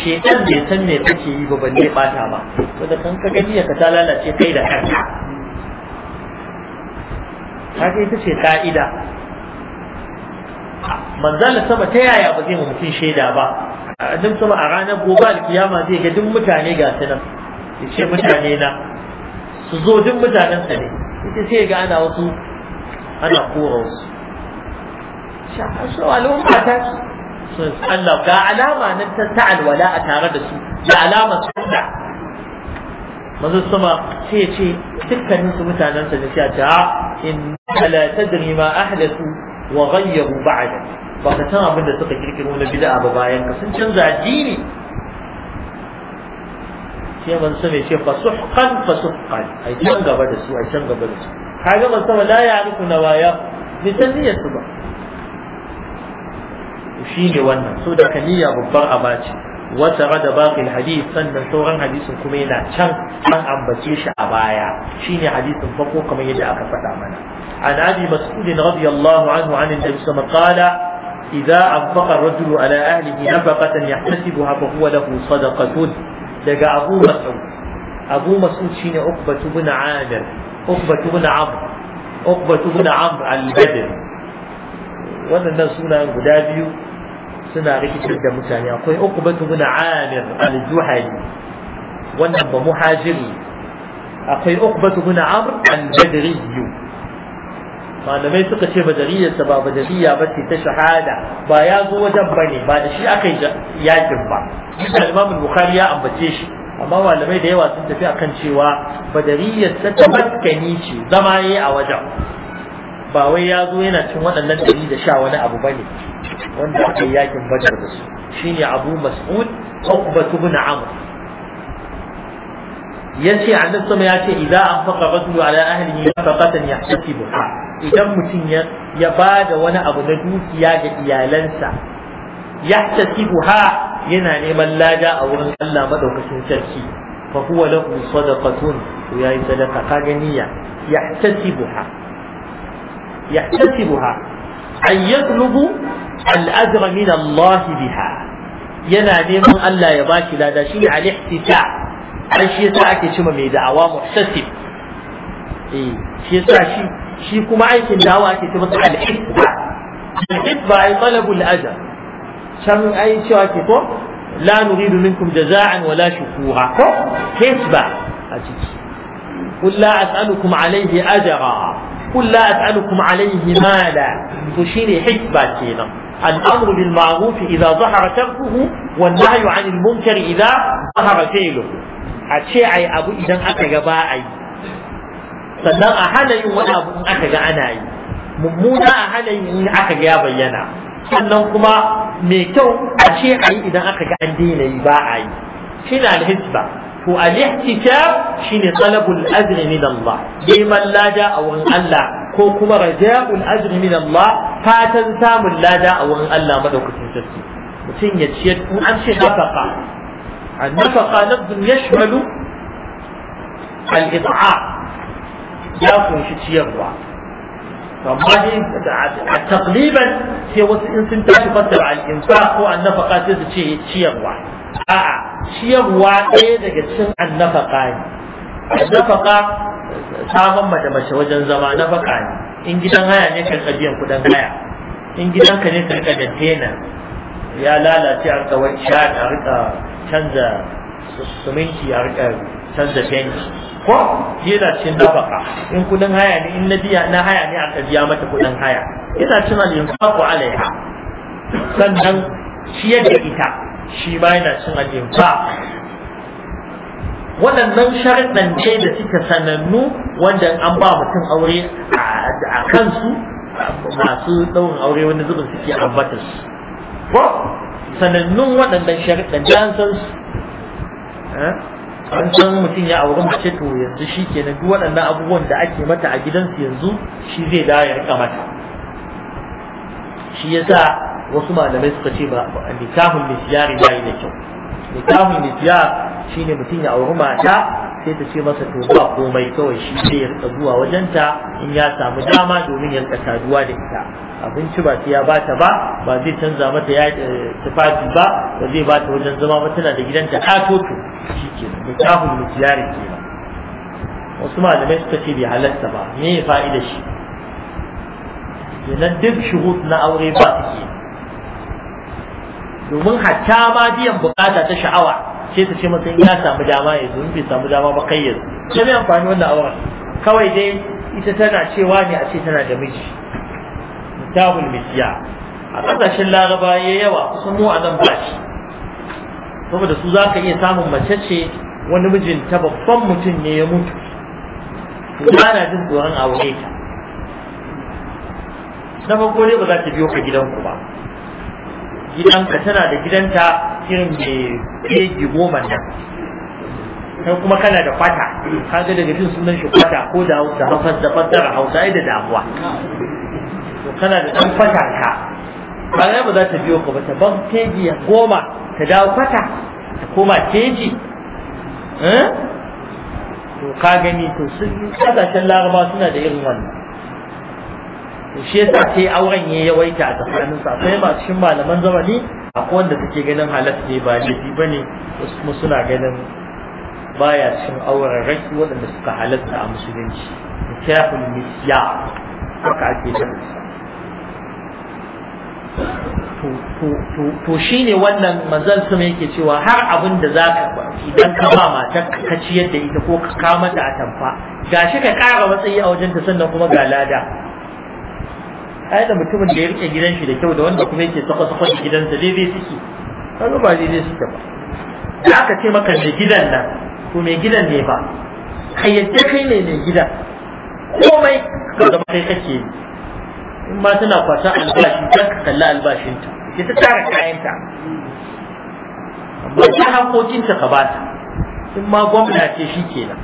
[SPEAKER 1] shedan bai san me kake yi ba balle bata ba to da kan ka gani ka ta lalace kai da kanka haka ita ce ka'ida manzala sama ta yaya ba zai mutum shaida ba duk sama a ranar gobe alkiyama zai ga duk mutane ga su nan ya ce mutane na su zo duk mutanen sa ne ita sai ga ana wasu ana kora wasu
[SPEAKER 2] shahararwa al'umma ta
[SPEAKER 1] Allah ga alama nan ta ta alwala a tare da su da alama sunna manzo sama ce ce dukkanin su mutanen sa ne sai ta ah, in la tadri ma ahdathu wa ghayyaru ba'da baka san abin da suka kirkiro na bid'a ba bayan ka sun canza addini sai man sama ce fasuhqan fasuhqan ai can gaba da su ai can gaba da su kaga man sama la ya'rifu nawaya bi saniyar su ba shi ne wannan so da kaniya babbar abaci wata rada baqil hadith sannan sauran hadisin kuma yana can an ambace shi a baya shine hadisin farko kamar yadda aka faɗa mana an abi mas'ud radiyallahu anhu an annabi sama qala إذا أنفق الرجل على أهله نفقة يحتسبها فهو له صدقة daga abu mas'ud abu mas'ud shine ukbatu bin amir ukbatu bin amr ukbatu bin amr al-badr wannan sunayen guda biyu suna rikicin da mutane akwai ukbatu bin amir al-juhani wannan ba muhajiri akwai ukbatu bin amr al-badri malamai suka ce bajariyarsa ba badariya ba ce ta shahada ba ya zo wajen ba ne ba da shi aka yi yakin ba duka imamul bukhari ya ambace shi amma malamai da yawa sun tafi akan cewa bajariyarsa ta maskani ce zama yayi a wajen ba wai ya zo yana cin waɗannan ɗari da sha wani abu ba ne wanda aka yi yakin badar da su ne abu mas'ud Amur. Ya ce a nan sama yace idza anfaqa rajulu ala ahlihi nafaqatan yahtasibuha idan mutum ya ba da wani abu na dukiya ga iyalansa ya ha yana neman lada a wurin Allah madaukakin sarki fa huwa lahu sadaqatun to yayi sadaka ka ya yahtasibuha yahtasibuha ay yatlubu al-ajra min Allah biha yana neman Allah ya baki lada shi al-ihtisa ai shi yasa ake cewa mai da'awa muhtasib eh shi yasa shi shi kuma aikin dawa ake ta masa al'ifba al'ifba ai talabul aja can ai cewa ke ko la nuridu minkum jaza'an wala shukura ko kisba a ciki qul la as'alukum alayhi ajra qul la as'alukum alayhi mala to shine hisba kenan الامر بالمعروف اذا ظهر تركه والنهي عن المنكر اذا ظهر فعله اتشي اي ابو اذا اكا غبا اي sannan a hana yin wani abu in aka ga ana yi mummuna a hana yin in aka ga ya bayyana sannan kuma mai kyau a ce a yi idan aka ga an daina yi ba a yi shi na alhisba to al shi shine talabul azri min Allah neman lada a wurin Allah ko kuma raja'ul azri min Allah fatan samun lada a wurin Allah madaukakin sarki mutum ya ciyar in an ce nafaka an nafaka nafsun yashmalu al isha ya kunshi ciyarwa amma dai a takliban sai wasu in sun tashi fassara al'insa ko annafaka sai su ce ciyarwa a'a ciyarwa ɗaya daga cikin annafaka ne annafaka samun mace mace wajen zama nafaka ne in gidan haya ne karka biyan kuɗin haya in gidanka ne karka da tena ya lalace a rika wani a rika canza suminki a rika canza ni ko yana cin nafaka in kudin haya ne in na biya na haya ne aka biya mata kudin haya Ina cin al-infaqu alaiha sannan ciyar da ita shi ma yana cin al-infaq waɗannan sharuɗan ce da suka sanannu wanda an ba mutum aure a kansu masu ɗaurin aure wani zubin suke ambatar su ko sanannun waɗannan sharuɗan da an san su eh? an san mutum ya auri mace to yanzu shi ke duk waɗannan abubuwan da ake mata a gidansu yanzu shi zai dawo ya rika mata shi yasa wasu malamai suka ce ba nikahun ya yi da kyau nikahun shi shine mutum ya auri mata sai ta ce masa to ba komai kawai shi zai ya rika zuwa wajenta in ya samu dama domin ya rika saduwa da ita abinci ba ya bata ba ba zai canza mata ya eh, tufafi ba ba zai bata wajen zama ba tana da gidanta toto shi ke da tahun mutiyari ke ba wasu malamai suka ce bai halatta ba me ya fa'ida shi yanar duk shuhud na aure ba su ke domin hatta ma biyan bukata ta sha'awa sai ta ce masa in ya samu dama ya bai samu dama ba kai yanzu zo mai amfani wannan kawai dai ita tana cewa ne a ce tana da miji kitabul misya a ƙasashen laraba ya yawa kusan mu a nan ba shi saboda su za ka iya samun mace ce wani mijin ta babban mutum ne ya mutu ba na jin tsoron aure ta na farko dai ba za ta biyo ka gidanku ba gidanka tana da gidanta irin mai keji goma nan kai kuma kana da kwata kaga daga jin sunan shi kwata ko da hausa da fassara hausa da damuwa to kana da ɗan fata ka bayan ba za ta biyo ka ba ta ban keji goma ta dawo fata, ta koma keji eh? to ka gani to sun kasashen laraba suna da irin wannan to shi yasa sai auren ya yawaita a tsakanin sa akwai masu malaman zamani akwai wanda suke ganin halas ne ba laifi bane wasu kuma suna ganin baya cikin auren rai waɗanda suka halatta a musulunci nikahul misya haka ake da. to shi ne wannan manzan sama yake cewa har abin da za ka idan ka ba matar ka ciyar da ita ko ka kama ta a tamfa ga shi ka ƙara matsayi a wajen ta sannan kuma ga lada ai da mutumin da ya rike gidan shi da kyau da wanda kuma yake sako-sako da gidansa daidai suke kaga ba daidai suke ba da aka ce maka da gidan nan to mai gidan ne ba kayyade kai ne mai gidan komai ka zama kai kake in ma tana kwasa albashi za ka kalla albashinta ke ta tara kayanta amma ta ta ka bata in ma gwamna ce shi kenan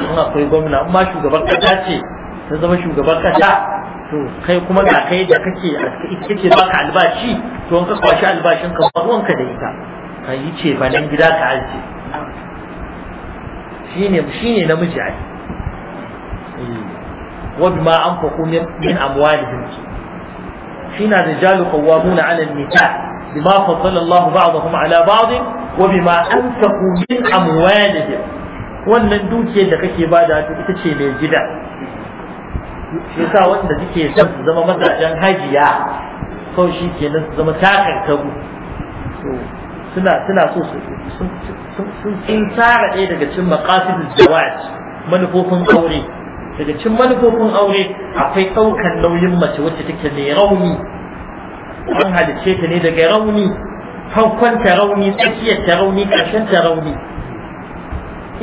[SPEAKER 1] in akwai gwamna in ma shugaban kasa ce ta zama shugaban kasa to kai kuma ga kai da kake kake baka albashi to an ka kwashi albashin ka ruwan ka da ita ka yi ce ba nan gida ka aje shine shine namiji ai wa bima anfaqu min amwalihim shine rijalu qawwamuna 'ala an-nisa bima faddala Allah ba'dahum 'ala ba'd wa bima anfaqu min wannan dukiyar da kake bada ta ita ce mai gida shi yasa wanda suke son su zama mazajen hajiya kawai shi nan su zama takarkaru suna suna so su sun tsara ɗaya daga cikin maqasidul zawaj manufofin aure daga cin manufofin aure akwai ɗaukan nauyin mace wacce take mai rauni an halicce ta ne daga rauni farkon ta rauni tsakiyar ta rauni ƙarshen ta rauni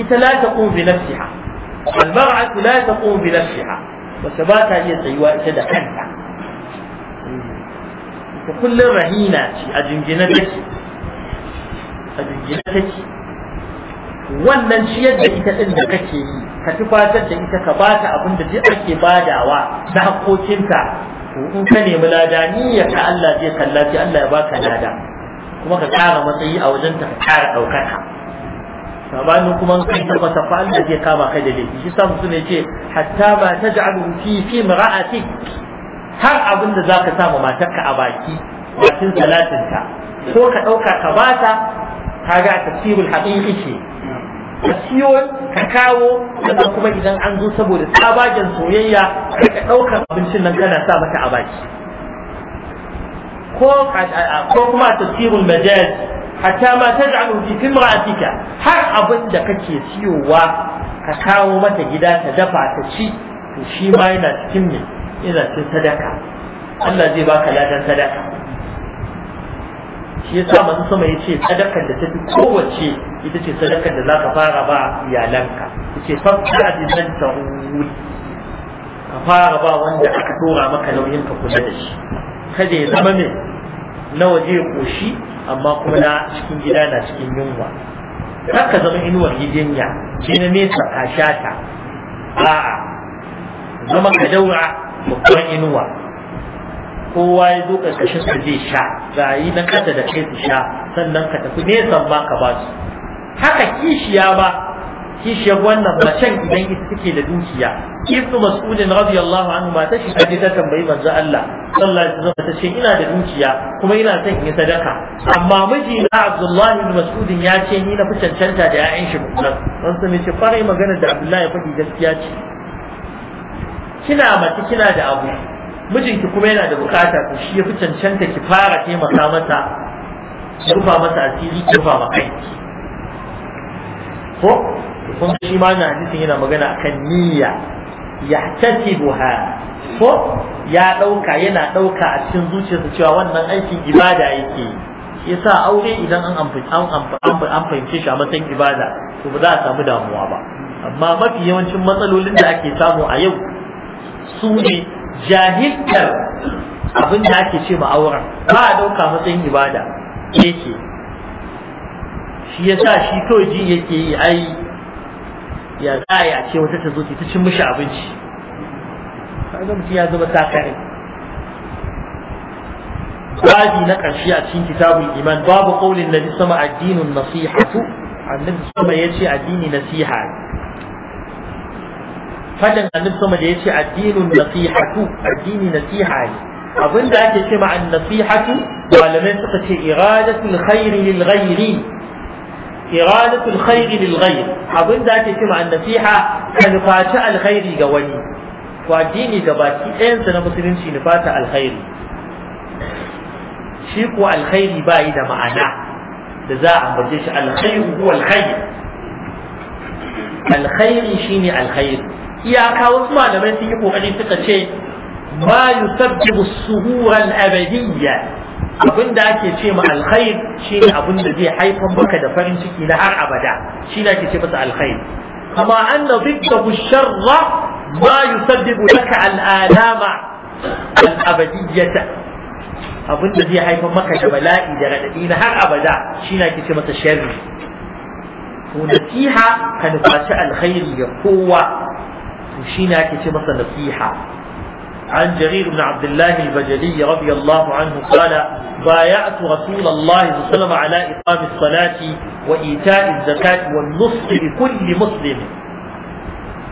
[SPEAKER 1] ita la ta ƙun bi nafsiha almar'atu la ta ƙun bi nafsiha wace ba ta iya tsayuwa ita da kanta ita kullum rahina ce a jingina take a jingina take wannan ciyar da ita ɗin da kake yi ka tufatar da ita ka ba ta abin da duk ake badawa na haƙoƙinta to in ka nemi lada niyyar ka Allah zai kalla sai Allah ya baka lada kuma ka ƙara matsayi a wajen ta ka ƙara ɗaukaka sabanin kuma in kai ta fa Allah zai kama kai da laifi shi sa ce hatta ba taj'alu fi fi mar'atik har abin da za ka ma matarka a baki bakin salatinta ko ka ɗauka ka bata kaga a tafsirul haqiqi ce ka siyo ka kawo sannan kuma idan an zo saboda tsabagen soyayya ka ɗaukar abincin nan kana sa mata a baki ko kuma a tasirin majaz hatta ma ta da fi kimra'atika har abin da kake siyowa ka kawo mata gida ta dafa ta ci to shi ma yana cikin ne yana cikin sadaka Allah zai baka ladan sadaka shi yasa manzo sama ce sadakar da ta fi kowace ita ce sadakar da za ka fara ba iyalanka ita ce fafta da nan ta ka fara ba wanda aka tora maka nauyin ka kula da shi kada ya zama mai na waje koshi amma kuma na cikin gida na cikin yunwa haka zama inuwar gidinya shi na nesa ka ta. a'a zama ka daura babban inuwa kowa ya zo ƙarƙashin su zai sha yi na kasa da kai su sha sannan ka tafi nesan ma ka ba su haka kishiya ba kishiyar wannan can idan ita take da dukiya ibnu mas'udin radiyallahu anhu ma ta shiga ta tambayi manzo Allah sallallahu alaihi wasallam ta ce ina da dukiya kuma ina son in sadaka amma mijina Abdullahi ibn Mas'udin ya ce ni na fi cancanta da ƴaƴan shi kullum dan sun ce farai magana da Abdullahi ya faɗi gaskiya ce kina mace kina da abu mijinki kuma yana da bukata to shi ya fi cancanta ki fara taimaka masa ki rufa masa asiri ki rufa masa aiki ko kun shi ma na hadisin yana magana akan niyya yahtasibuha ko ya dauka yana dauka a cikin zuciyarsa cewa wannan aikin ibada yake yasa aure idan an an fahimce shi a matsayin ibada to ba za a samu damuwa ba amma mafi yawancin matsalolin da ake samu a yau su ne jahiltar abin da ake ce auren. ba a dauka matsayin ibada yake shi ya sa shi kawai ji yake yi ai ya tsaya ce wata ta zo ta cin mishi abinci kaga mutum ya zama takare babi na ƙarshe a cikin kitabul iman babu qaulin nabi sama addinin nasihatu annabi sama yace addini nasiha fadan annabi sama da yace addinin nasihatu addini nasiha ne abinda ake ce ma an-nasihatu malamai suka ce iradatul khairi lil ghairi iradatul khairi lil ghayr abin da ake cewa nasiha ka nufaci alkhairi ga wani to addini ga baki ɗayansa na musulunci nufata alkhairi shi ko alkhairi ba yi da ma'ana da za a ambace alkhairu huwa alkhair alkhairi shine alkhair iyaka wasu malamai su yi ƙoƙari suka ce ma yusabbibu suhura al-abadiyya abin da ake ce ma alkhair shine abin da zai haifar maka da farin ciki na har abada shine ake ce masa alkhair kama anna diddahu sharra ma yusabbibu laka al'alama al'abadiyyata abin da zai haifar maka da bala'i da radadi na har abada shine ake ce masa sharri to nasiha ka nufaci alkhairi ga kowa to shine ake ce masa nasiha عن جرير بن عبد الله البجلي رضي الله عنه قال بايعت رسول الله صلى الله عليه وسلم على إقام الصلاة وإيتاء الزكاة والنصح لكل مسلم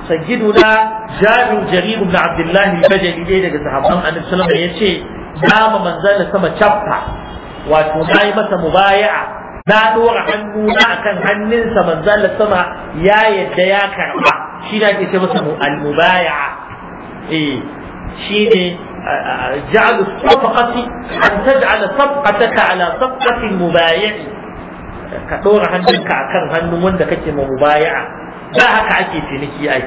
[SPEAKER 1] سيدنا جابر جرير بن عبد الله البجلي إيه لك صحابة أن السلام يشي نام من زال سما شبع وتنايمة مبايعة na dora hannu na akan hannunsa manzo Allah sama ya yadda ya karba shi na ke ce masa al-mubaya'a eh shine ja'al safqati an taj'al safqataka ala safqati mubayi'i ka dora hannunka akan hannun wanda kake ma mubayi'a da haka ake ciniki ai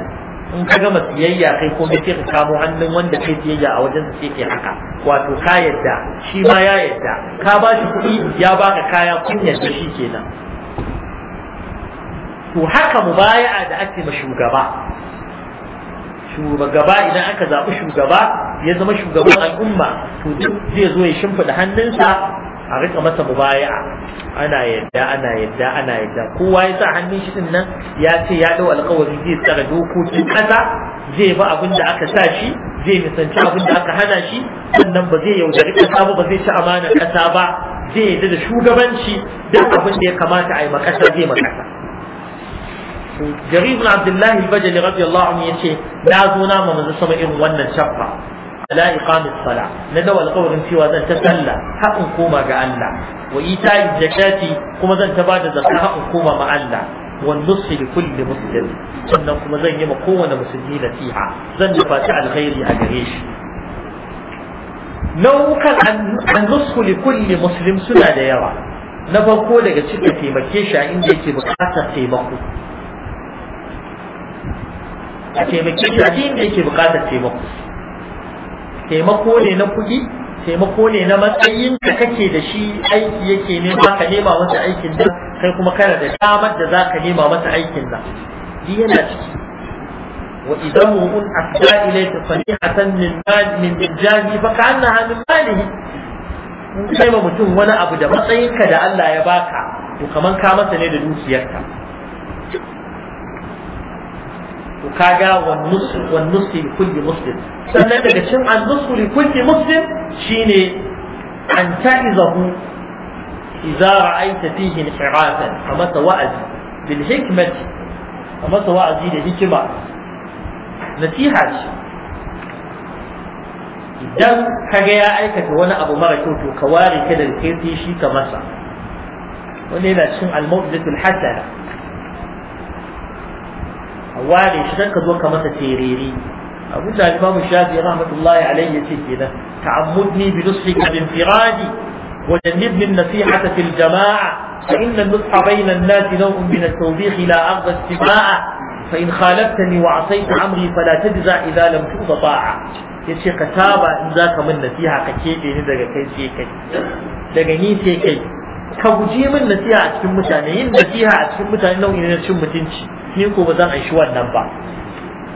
[SPEAKER 1] in ka gama siyayya kai ko sai ka kamo hannun wanda kai siyayya a wajen sai ke haka wato ka yadda shi ma ya yadda ka ba shi kuɗi ya baka kaya kun yadda shi kenan to haka mubaya'a da ake ma shugaba shugaba idan aka zaɓi shugaba ya zama shugaban al'umma to duk zai zo ya shimfiɗa hannunsa a rika masa mubaya'a ana yadda ana yadda ana yadda kowa ya sa hannun shi din nan ya ce ya ɗau alƙawari zai tsara dokokin ƙasa zai bi abin da aka sa shi zai nisanci abin da aka hana shi sannan ba zai yaudari ƙasa ba ba zai ci amanar ƙasa ba zai yadda da shugabanci duk abin da ya kamata a yi ƙasa zai ƙasa. jarir ibn abdullahi al-bajali radiyallahu anhu yace na zo na ma manzo sama irin wannan shafa ala iqamis sala na da alƙawarin cewa zan ta sallah har koma ga Allah wa ita'i zakati kuma zan ta bada zakka har in koma ma Allah wa nusfi kulli muslim sannan kuma zan yi ma kowane musulmi nasiha zan nufaci alkhairi a gare shi nau'ukan an nusfu li kulli muslim suna da yawa na farko daga cikin taimake shi a inda yake bukatar taimako a taimake shi a cikin da yake buƙatar taimako taimako ne na kuɗi taimako ne na matsayin da kake da shi aiki yake nema ka nema masa aikin nan kai kuma kana da damar da za ka nema masa aikin nan duk yana ciki wa idan mu'un asda ilayka sanihatan min mal min jahi fa ka'annaha min malihi in kai ma mutum wani abu da matsayinka da Allah ya baka to kamar ka masa ne da dukiyarka وكاجا والنص والنص لكل مسلم سألنا لك شمع النص لكل مسلم شيني أن تعظه إذا رأيت فيه انحرافا أما توأز بالحكمة أما توأز فيه الحكمة نتيحة إذا كاجا يا أيكة وأنا أبو مرة كنت كواري كذا الكيرتي شيكا مسا وإلى شمع الموجزة الحسنة wale shi dan ka zo ka masa tereri abu da imam shafi rahmatullahi alaihi yace kina ta'ammudni bi nusfika bin firadi wa jannibni an-nasihata fil jama'a fa inna bayna an-nusha an-nas النصح min at نوع ila التوبيخ istima'a fa in khalaftani wa وعصيت amri fala tajza idha lam تؤذ ta'a yace ka taba in za ka min nasiha ka kebe ni daga kai sai kai daga ni sai kai ka guji min nasiha a cikin mutane yin nasiha a cikin mutane nau'i na cin mutunci ni ko ba zan aishi wannan ba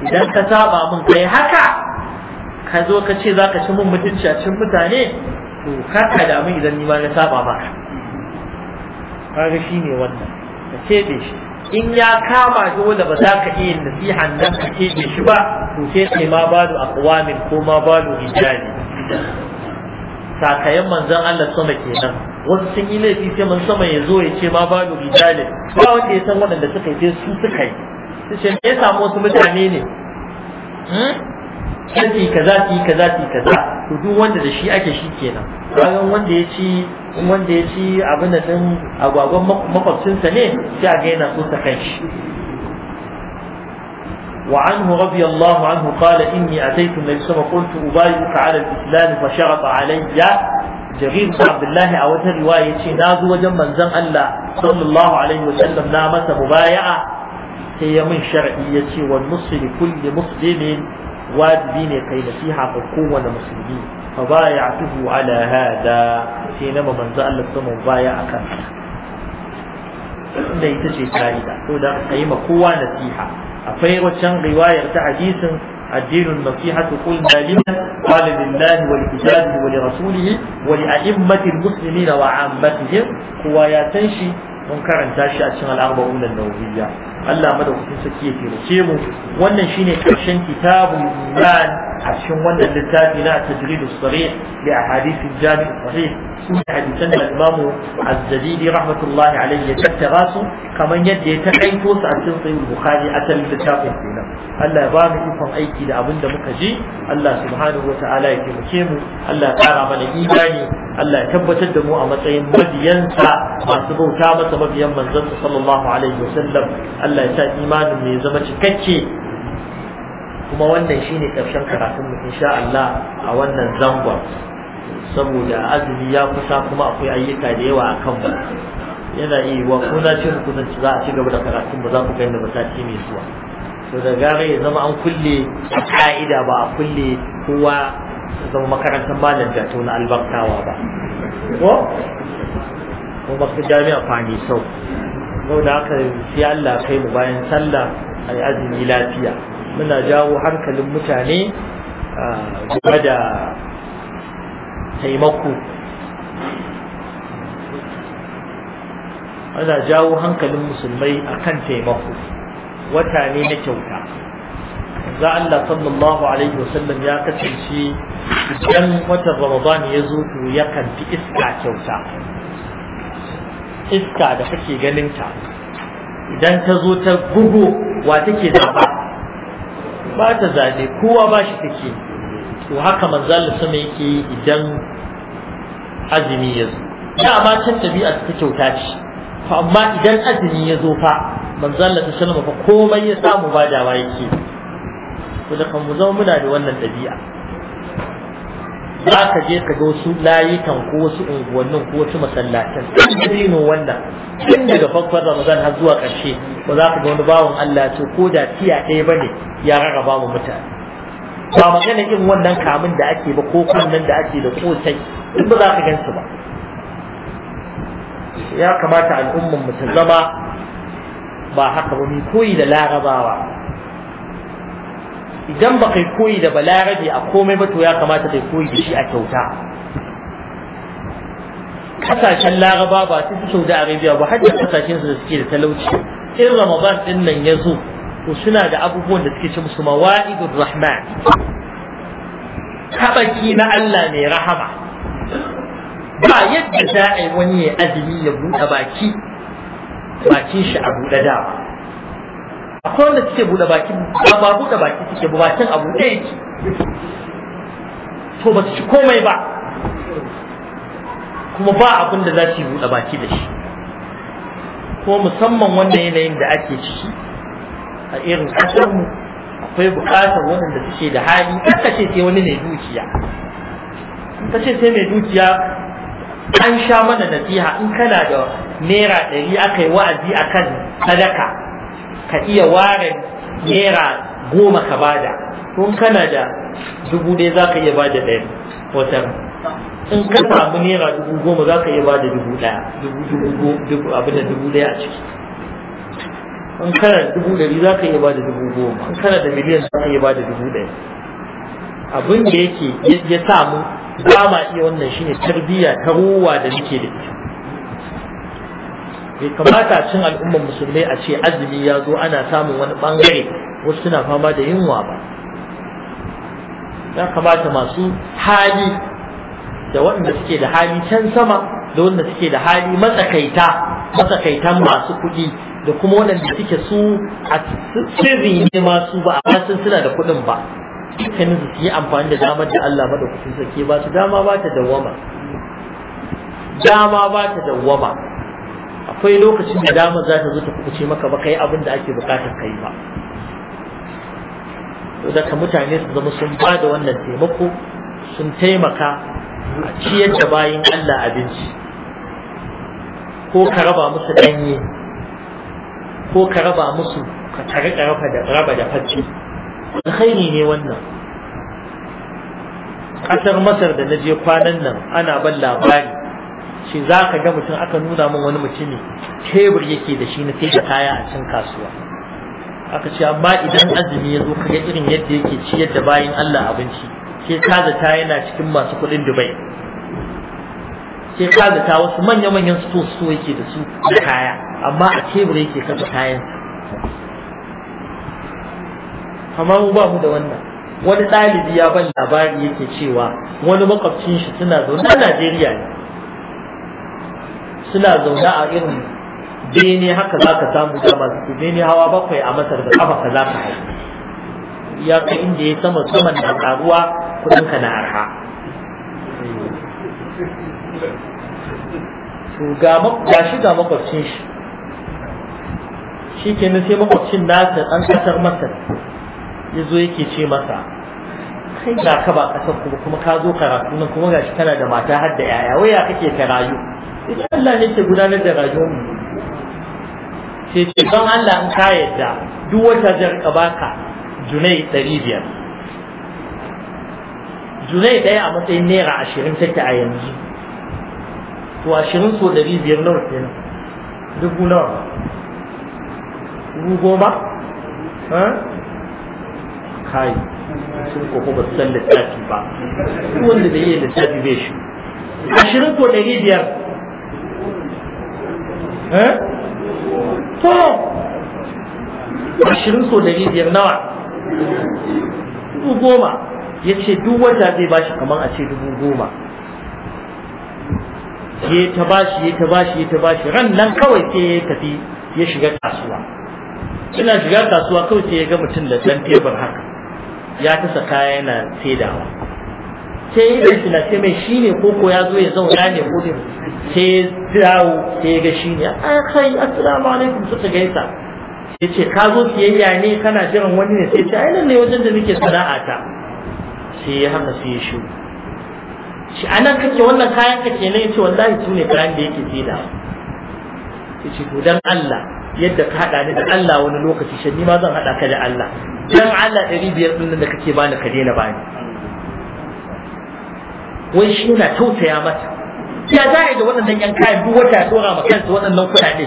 [SPEAKER 1] idan ka saba min kai haka ka zo ka ce za ka ci min mutunci a cikin mutane to kar ka damu idan ni ba na saba maka kaga shi ne wannan ka ce be shi in ya kama dole ba za ka iya nasiha nan ka ce be shi ba to sai sai ma balu aqwamin ko ma balu hijabi sakayen manzon Allah sama kenan wasu sun yi laifi sai mun sama ya zo ya ce ma ba ni rijalin ba wanda ya san waɗanda suka yi su suka yi su ce me ya samu wasu mutane ne hmm? sai ki kaza ki kaza ki kaza to duk wanda da shi ake shi kenan bayan wanda ya ci wanda ya ci abin da din agwagwan makwabcinsa ne sai a ga yana so ta kanshi وعنه رضي الله عنه قال إني أتيت النبي صلى الله عليه وسلم قلت أبايعك على الإسلام فشرط علي jarir bin abdullahi a wata riwaya yace nazo wajen manzon Allah sallallahu na masa mubaya'a sai ya min shar'i yace wal muslim kulli muslimin wajibi ne kai nasiha ga kowane musulmi fa bayatuhu ala hada sai na manzon Allah sama mubaya'a kan da ita ce ka'ida to da kai ma kowa nasiha akwai waccan riwayar ta hadisin الدين النصيحة قلنا لمن قال لله ولكتابه ولرسوله ولأئمة المسلمين وعامتهم هو يتنشي منكر تاشي أتشن الأربعون النووية الله مدى وكتن سكية في رسيمه وانا شيني كتاب الإيمان a cikin wannan littafi na tajridu sahih li ahadith al-jami sahih hadisan da Imam Az-Zabidi rahmatullahi alayhi ya tattara su kamar yadda ya takaito su a cikin sahih Bukhari asalin littafin kenan Allah ya ba mu ikon aiki da abin da muka ji Allah subhanahu wa ta'ala ya taimake mu Allah ya kara mana imani Allah ya tabbatar da mu a matsayin mabiyansa masu bauta masa mabiyan manzon sallallahu alaihi wa sallam Allah ya sa imanin mu ya zama cikakke kuma wannan shine karshen karatun mu insha Allah a wannan zangon saboda azumi ya kusa kuma akwai ayyuka da yawa a kanmu yana yi wa ko za a ci gaba da karatun mu za ku gani mataki mai zuwa to da gare ya zama an kulle ka'ida ba a kulle kowa zama makarantar malam da na albarkawa ba ko Ko ba jami'a fani sau saboda haka sai Allah kai mu bayan sallah ai azumi lafiya muna jawo hankalin mutane game da taimako ana jawo hankalin musulmai akan taimako wata ne na kyauta za Allah sallallahu alaihi wasallam ya kasance idan watan Ramadan ya zo to yakan fi iska kyauta iska da kake ganin ta idan ta zo ta bugu, wa take zaba ba ta zaɓe kowa ba shi take to haka manzal sama yake idan azumi ya zo da ba can tabi'a ta kyauta ce to amma idan azumi ya zo fa manzal ta sallama fa komai ya samu ba badawa yake to da kan mu zama muna da wannan ɗabi'a za ka je ka ga wasu layukan ko wasu unguwannin ko wasu masallacin dino wannan tun daga farkon ramadan har zuwa ƙarshe ba za ka ga wani bawan Allah ce ko da tiya ɗaya bane ya rarraba mu mutane ba magana irin wannan kamun da ake ba ko kunnen da ake da kosai duk ba za ka gansu ba ya kamata al'ummar mu ta zama ba haka ba mu koyi da larabawa idan ba kai koyi da balarabe a komai ba to ya kamata kai koyi da shi a kyauta kasashen laraba ba su fi saudi arabia ba hajjar kasashen su da suke da talauci in ramadan din nan ya zo to suna da abubuwan da suke ci musu mawa'idur rahman kabaki na allah mai rahama ba yadda za a yi wani ya azumi ya buɗe baki bakin shi a buɗe dama akwai wanda suke buɗe baki ba buɗe baki suke ba bakin abu ne yake to ba su ci komai ba kuma ba abin da za su yi buɗe baki da shi ko musamman wanda yanayin da ake ciki a irin mu akwai buƙatar waɗanda suke da hali ka ce sai wani mai dukiya ka ce sai mai dukiya an sha mana nasiha in kana da naira ɗari aka yi wa'azi akan sadaka ka iya ware naira goma ka bada in kana da dubu ɗaya za ka iya bada ɗaya watan in ka samu naira dubu goma za ka iya bada dubu ɗaya dubu abin da dubu ɗaya a ciki in kana da dubu ɗari za ka iya bada dubu goma in kana da miliyan za ka iya bada dubu ɗaya abin da yake ya samu ba ma iya wannan shine tarbiyya ta ruwa da nake da ita bai kamata cin al'ummar musulmai a ce azumi ya zo ana samun wani bangare wasu suna fama da yunwa ba ya kamata masu hali da waɗanda suke da hali can sama da waɗanda suke da hali matsakaita matsakaitan masu kuɗi da kuma waɗanda suke su a sirri ne masu ba a sun suna da kuɗin ba dukkanin su yi amfani da damar da Allah madaukakin sarki ba su dama ba ta dawwama dama ba ta dawwama akwai lokacin da dama za ta zo ta kuce maka ba kai abin da ake bukatar kai ba daga mutane su zama sun ba da wannan taimako sun taimaka a ciyar da bayan Allah abinci ko ka raba musu ɗanye ko ka raba musu ka tare da raba da fatti alkhairi ne wannan ƙasar masar da na je kwanan nan ana ban labari shi za ka ga mutum aka nuna min wani mutum ne? tebur yake da shi na sai da kaya a can kasuwa aka ce amma idan azumi ya zo kaga irin yadda yake ci yadda bayan Allah abinci sai ka ta yana cikin masu kuɗin Dubai sai ka ta wasu manya-manyan sto sto yake da su da kaya amma a tebur yake kasa kayan amma mu ba mu da wannan wani ɗalibi ya ban labari yake cewa wani makwabcin shi suna zaune a Najeriya ne suna zaune a irin bene haka za ka samu dama su bene hawa bakwai a masar da kafa ka za ka haifi ya kai inda ya sama saman na karuwa kudin ka na arha ga shi ga makwabcin shi shi kenan sai makwabcin nasa ɗan ƙasar masar ya zo yake ce masa kai ga ka ba ƙasar kuma kuma ka zo karatu nan kuma gashi kana da mata har da yaya waya kake ka rayu ita Allah ne ke gudanar da rayuwar mu sai ce don Allah in ka yadda duk wata jar ka baka junai ɗari biyar junai ɗaya a matsayin naira ashirin take a yanzu to ashirin so ɗari biyar nawa kenan dubu nawa dubu goma kai sun koko ba su san littafi ba wanda da yi littafi bai shi ashirin ko ɗari biyar Eh? to ashirin so dari biyar nawa dubu goma ya ce duk wata zai shi kamar a ce dubu goma ya ta ba shi, ya ta ba shi, ya ta ba shi. ran nan kawai sai ya tafi ya shiga kasuwa ina shiga kasuwa kawai sai ya ga mutum da dan tebur haka ya tasa kaya yana saidawa sai ya ɗauki na sai mai shi ne ko ko ya zo ya zauna ne ko sai ya dawo sai ya ga shi ne a ah, kai assalamu alaikum suka gaisa ya ce ka zo siyayya ne kana jiran wani ne sai ce a nan ne wajen da nake ta? sai ya haka sai ya shiru shi nan kake wannan kayan ka kenan ya ce wallahi su ne kayan da yake sida ya ce to dan Allah yadda ka haɗa ni da Allah wani lokaci shi ni ma zan haɗa ka da Allah dan Allah ɗari biyar ɗin da kake bani ka daina bani wai shi yana tausaya mata ya za da waɗannan yan kayan duk wata ya tsora ma kansa waɗannan kuɗaɗe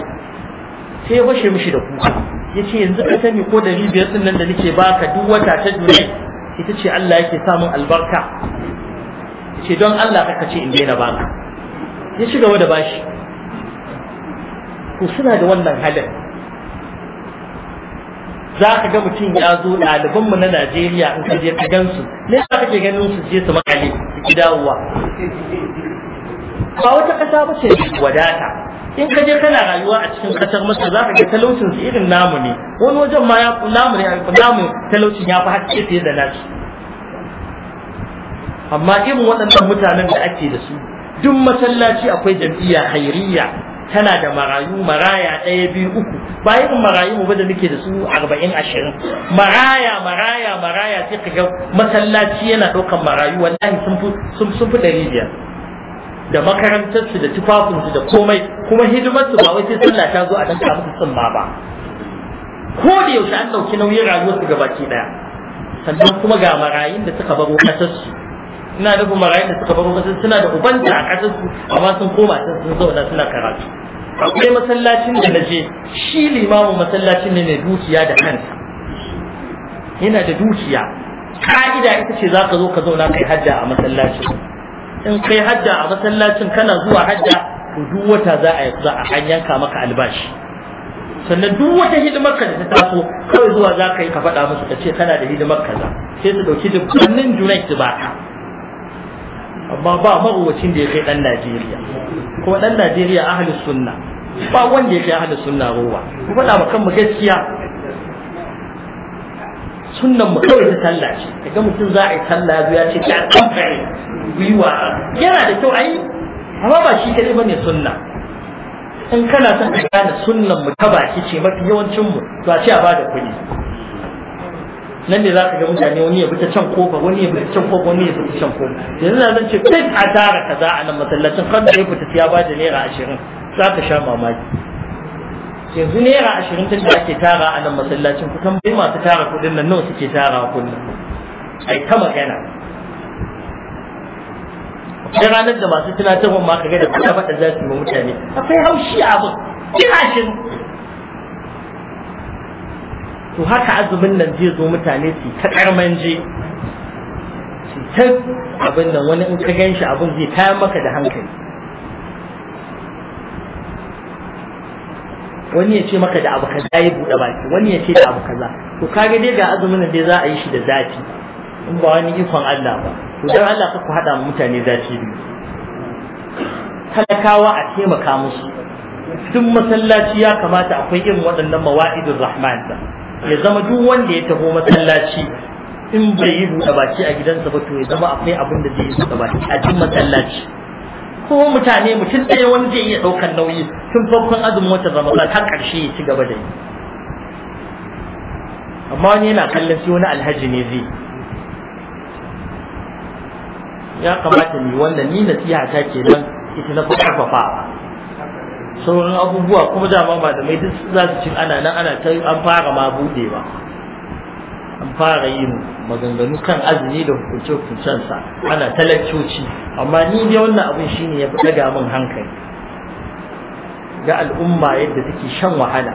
[SPEAKER 1] sai ya bashe mishi da kuka ya ce yanzu ka sani ko ɗari biyar sunan da nake baka duk wata ta duniya ita ce Allah yake samun albarka ya ce don Allah kaka ce in daina baka ya ci gaba da bashi Ko suna da wannan halin za ka ga mutum ya zo ɗalibanmu na Najeriya in ka je ka gan su ne za ka ke ganin su je su makale su ki dawowa ba wata ƙasa ba ce wadata in ka je kana rayuwa a cikin ƙasar Masar za ka ga talaucin su irin namu ne wani wajen ma ya namu ne namu talaucin ya fi haske fiye da nasu amma irin waɗannan mutanen da ake da su duk masallaci akwai jam'iyya hairiyya tana da marayu maraya ɗaya biyu uku ba marayu marayu ba da muke da su arba'in ashirin maraya maraya maraya sai ka ga masallaci yana ɗaukan marayu wallahi sun fi ɗari biyar da makarantarsu da tufafinsu da komai kuma hidimarsu ba wai sai sallah ta zo a ɗan sun ma ba ko da yaushe an ɗauki nauyin rayuwarsu gabaki ɗaya sannan kuma ga marayun da suka baro ƙasarsu ina nufin marayun da suka baro kasa suna da ubanta a kasar su amma sun koma sun sun zauna suna karatu akwai masallacin da naje shi limamin masallacin ne mai dukiya da kansa yana da dukiya ka'ida ita ce za ka zo ka zauna kai hajja a masallacin in kai hajja a masallacin kana zuwa hajja to duk wata za a yi za a yanka maka albashi sannan duk wata hidimar ka da ta taso kawai zuwa za ka yi ka faɗa musu ka ce kana da hidimar kaza sai su ɗauki dubbannin junai su baka amma ba mawucin da ya kai dan Najeriya kuma dan Najeriya ahli sunna ba wanda ya kai ahlus sunna ruwa ku faɗa kan kanmu gaskiya sunnan mu kawai ta sallah ce kaga mutum za a yi sallah ya ce ta kamfare gwiwa yana da kyau ai amma ba shi kadai bane sunna in kana son ka gane sunnan mu ta baki ce mafi yawancin mu to a ce a bada kuɗi nan ne za ka ga mutane wani ya fita can kofa wani ya fita can kofa wani ya fita can kofa yanzu na zan ce kai a tara kaza a nan masallacin kan da ya fita ya ba da naira ashirin za ka sha mamaki yanzu naira ashirin tun da ake tara a nan masallacin kusan bai masu tara kuɗin nan nawa suke tara kullum ai ta magana akwai ranar da masu tunatarwa ma ka ga da kuka faɗa za su yi mutane akwai
[SPEAKER 2] haushi abin ina ashirin
[SPEAKER 1] to haka azumin nan zai zo mutane su ta karmanje su ta abin nan wani in ka gan shi abin zai kaya maka da hankali wani ya ce maka da abu kaza ya buɗe baki wani ya ce da abu kaza to kaga dai ga azumin nan dai za a yi shi da zafi in ba wani ikon Allah ba to dan Allah ka ku hada mutane zafi biyu talakawa a taimaka musu duk masallaci ya kamata akwai irin waɗannan mawa'idin rahman da ya zama duk wanda ya taho masallaci in bai yi buɗe baki a gidansa ba to ya zama akwai abin da zai yi buɗe baki a cikin masallaci ko mutane mutum ɗaya wani zai iya ɗaukar nauyi tun farkon azumin watan ramadan har ƙarshe ya ci gaba da yi amma wani yana kallon sai wani alhaji ne zai ya kamata ni wannan ni nasiha ta kenan ita na fi ƙarfafawa sauran abubuwa kuma dama malamai duk za su cin ana nan ana ta an fara ma bude ba an fara yin maganganu kan azumi da hukunce sa ana talaccoci amma ni dai wannan abin shine ya fi ga min hankali ga al'umma yadda take shan wahala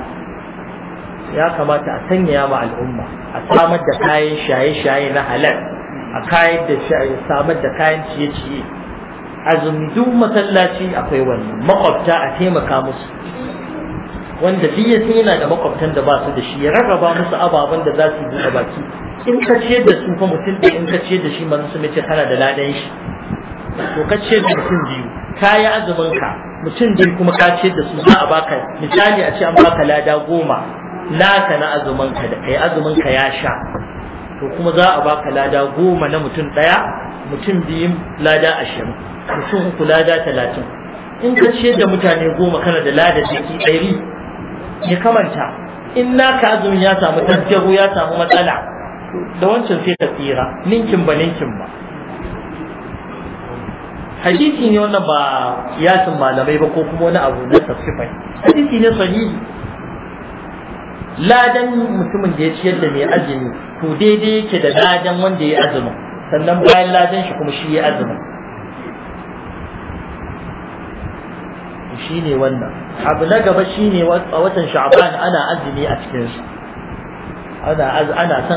[SPEAKER 1] ya kamata a sanya ma al'umma a samar da kayan shaye-shaye na halal a kayan da samar da kayan ciye-ciye azumdun masallaci akwai wani. makwabta a taimaka musu wanda duk ya yana da makwabtan da ba su da shi ya rarraba musu ababen da za su yi buɗe baki in ka ciyar da su fa mutum da in ka ciyar da shi manzo su mace kana da ladan shi to ka ciyar da mutum biyu ka yi azumin ka mutum biyu kuma ka ciyar da su za a baka misali a ce an baka lada goma naka na azumin ka da kai azumin ka ya sha to kuma za a baka lada goma na mutum ɗaya mutum biyun lada ashirin mutum uku lada talatin in ka ciyar da mutane goma kana da lada jiki ɗari ya kamanta in naka azumin ya samu tasgaro ya samu matsala da wancan sai ka tsira ninkin ba ninkin ba hadisi ne wannan ba yasin malamai ba ko kuma wani abu na tafsifai hadisi ne sahihi ladan mutumin da ya ciyar da mai azumi to daidai yake da ladan wanda ya azumi sannan bayan ladan shi kuma shi ya azumi shine na gaba shine a watan son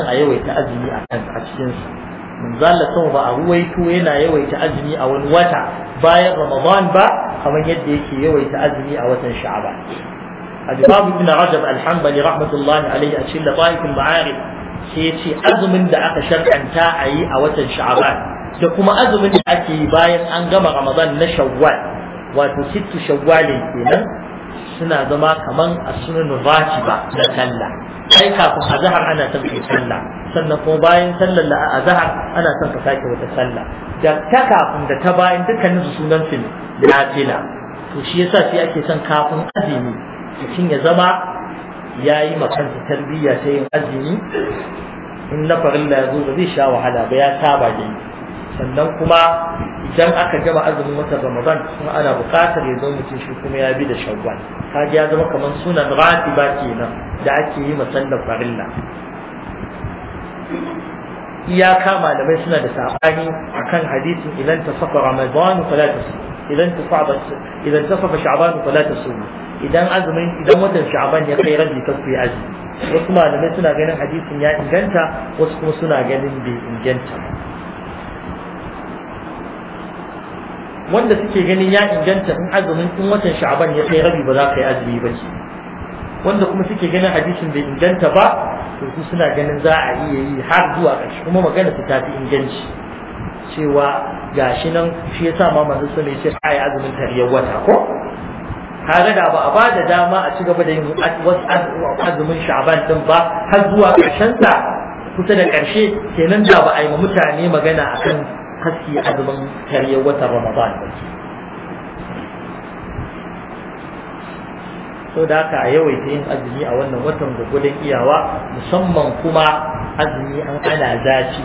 [SPEAKER 1] a yawaita azumi a kan a cikin su ba a ruwaito yana yawaita azumi a wani wata bayan ramadan ba kamar yadda yake yawaita azumi a watan sha'ban al ibn rajab al-hanbali rahmatullahi alayhi a cikin lataifin ma'arif sai ce azumin da aka shar'anta a yi a watan sha'ban da kuma azumin da ake yi bayan an gama ramadan na shawwal wato sittu shawwalin kenan suna zama kaman a sunan ba na sallah Ai kafin azhar ana son kai sallah sannan kuma bayan sallar la azhar ana son ka sake wata sallah da ta kafin da ta bayan dukkanin su sunan su nafila to shi yasa sai ake son kafin azumi mutum ya zama ya yi makanta tarbiyya ta yin azumi in na da ya zo ba zai sha wahala ba ya saba da sannan kuma idan aka gama azumin watan ramadan kuma ana buƙatar ya zo mutum shi kuma ya bi da shawwal kaga ya zama kamar sunan ba kenan da ake yi masallar farilla iyaka malamai suna da sabani akan hadisin idan ta tafaqa ramadan fala tasum idan tafaqa idan tafaqa sha'ban fala tasum idan azumin idan watan sha'ban ya kai rabi kasu ya azumi wasu malamai suna ganin hadisin ya inganta wasu kuma suna ganin bai inganta ba wanda suke ganin ya inganta in azumin in watan sha'aban ya kai rabi ba za ka yi azumi ba ce wanda kuma suke ganin hadisin bai inganta ba to su suna ganin za a iya yi har zuwa ƙarshe kuma magana su tafi inganci cewa gashi nan shi yasa ma masu sun ce yi azumin tariyar wata ko tare da ba a ba da dama a ci gaba da yin azumin sha'aban din ba har zuwa ƙarshen sa kusa da ƙarshe kenan da ba a yi mutane magana akan kaske azumin karyar watan ramadan ba ce so da haka a yawaita yin azumi a wannan watan gudun iyawa musamman kuma azumi an ana zaci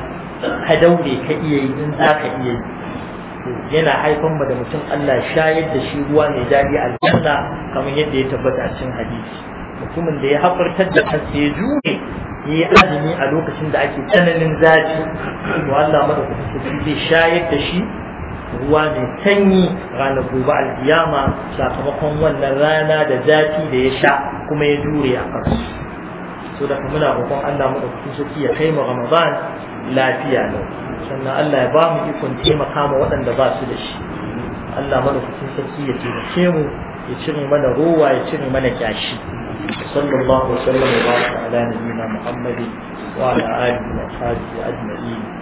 [SPEAKER 1] ka daure ka iya yi in za ka iya yi yana haifan mu da mutum Allah shayar da shi ruwa mai daɗi aljanna kamar yadda ya tabbata a cikin hadisi mutumin da ya hafartar da kansa ya jure yi azumi a lokacin da ake tsananin zafi to Allah madaukakin sarki zai shayar da shi ruwa mai sanyi ranar gobe alkiyama sakamakon wannan rana da zafi da ya sha kuma ya jure a kansu so da muna roƙon Allah madaukakin sarki ya kai mu Ramadan lafiya lau. sannan Allah ya ba mu ikon taimaka ma waɗanda ba su da shi Allah madaukakin sarki ya taimake mu ya cire mana ruwa ya cire mana gyashi صلى الله وسلم وبارك على نبينا محمد وعلى آله وأصحابه أجمعين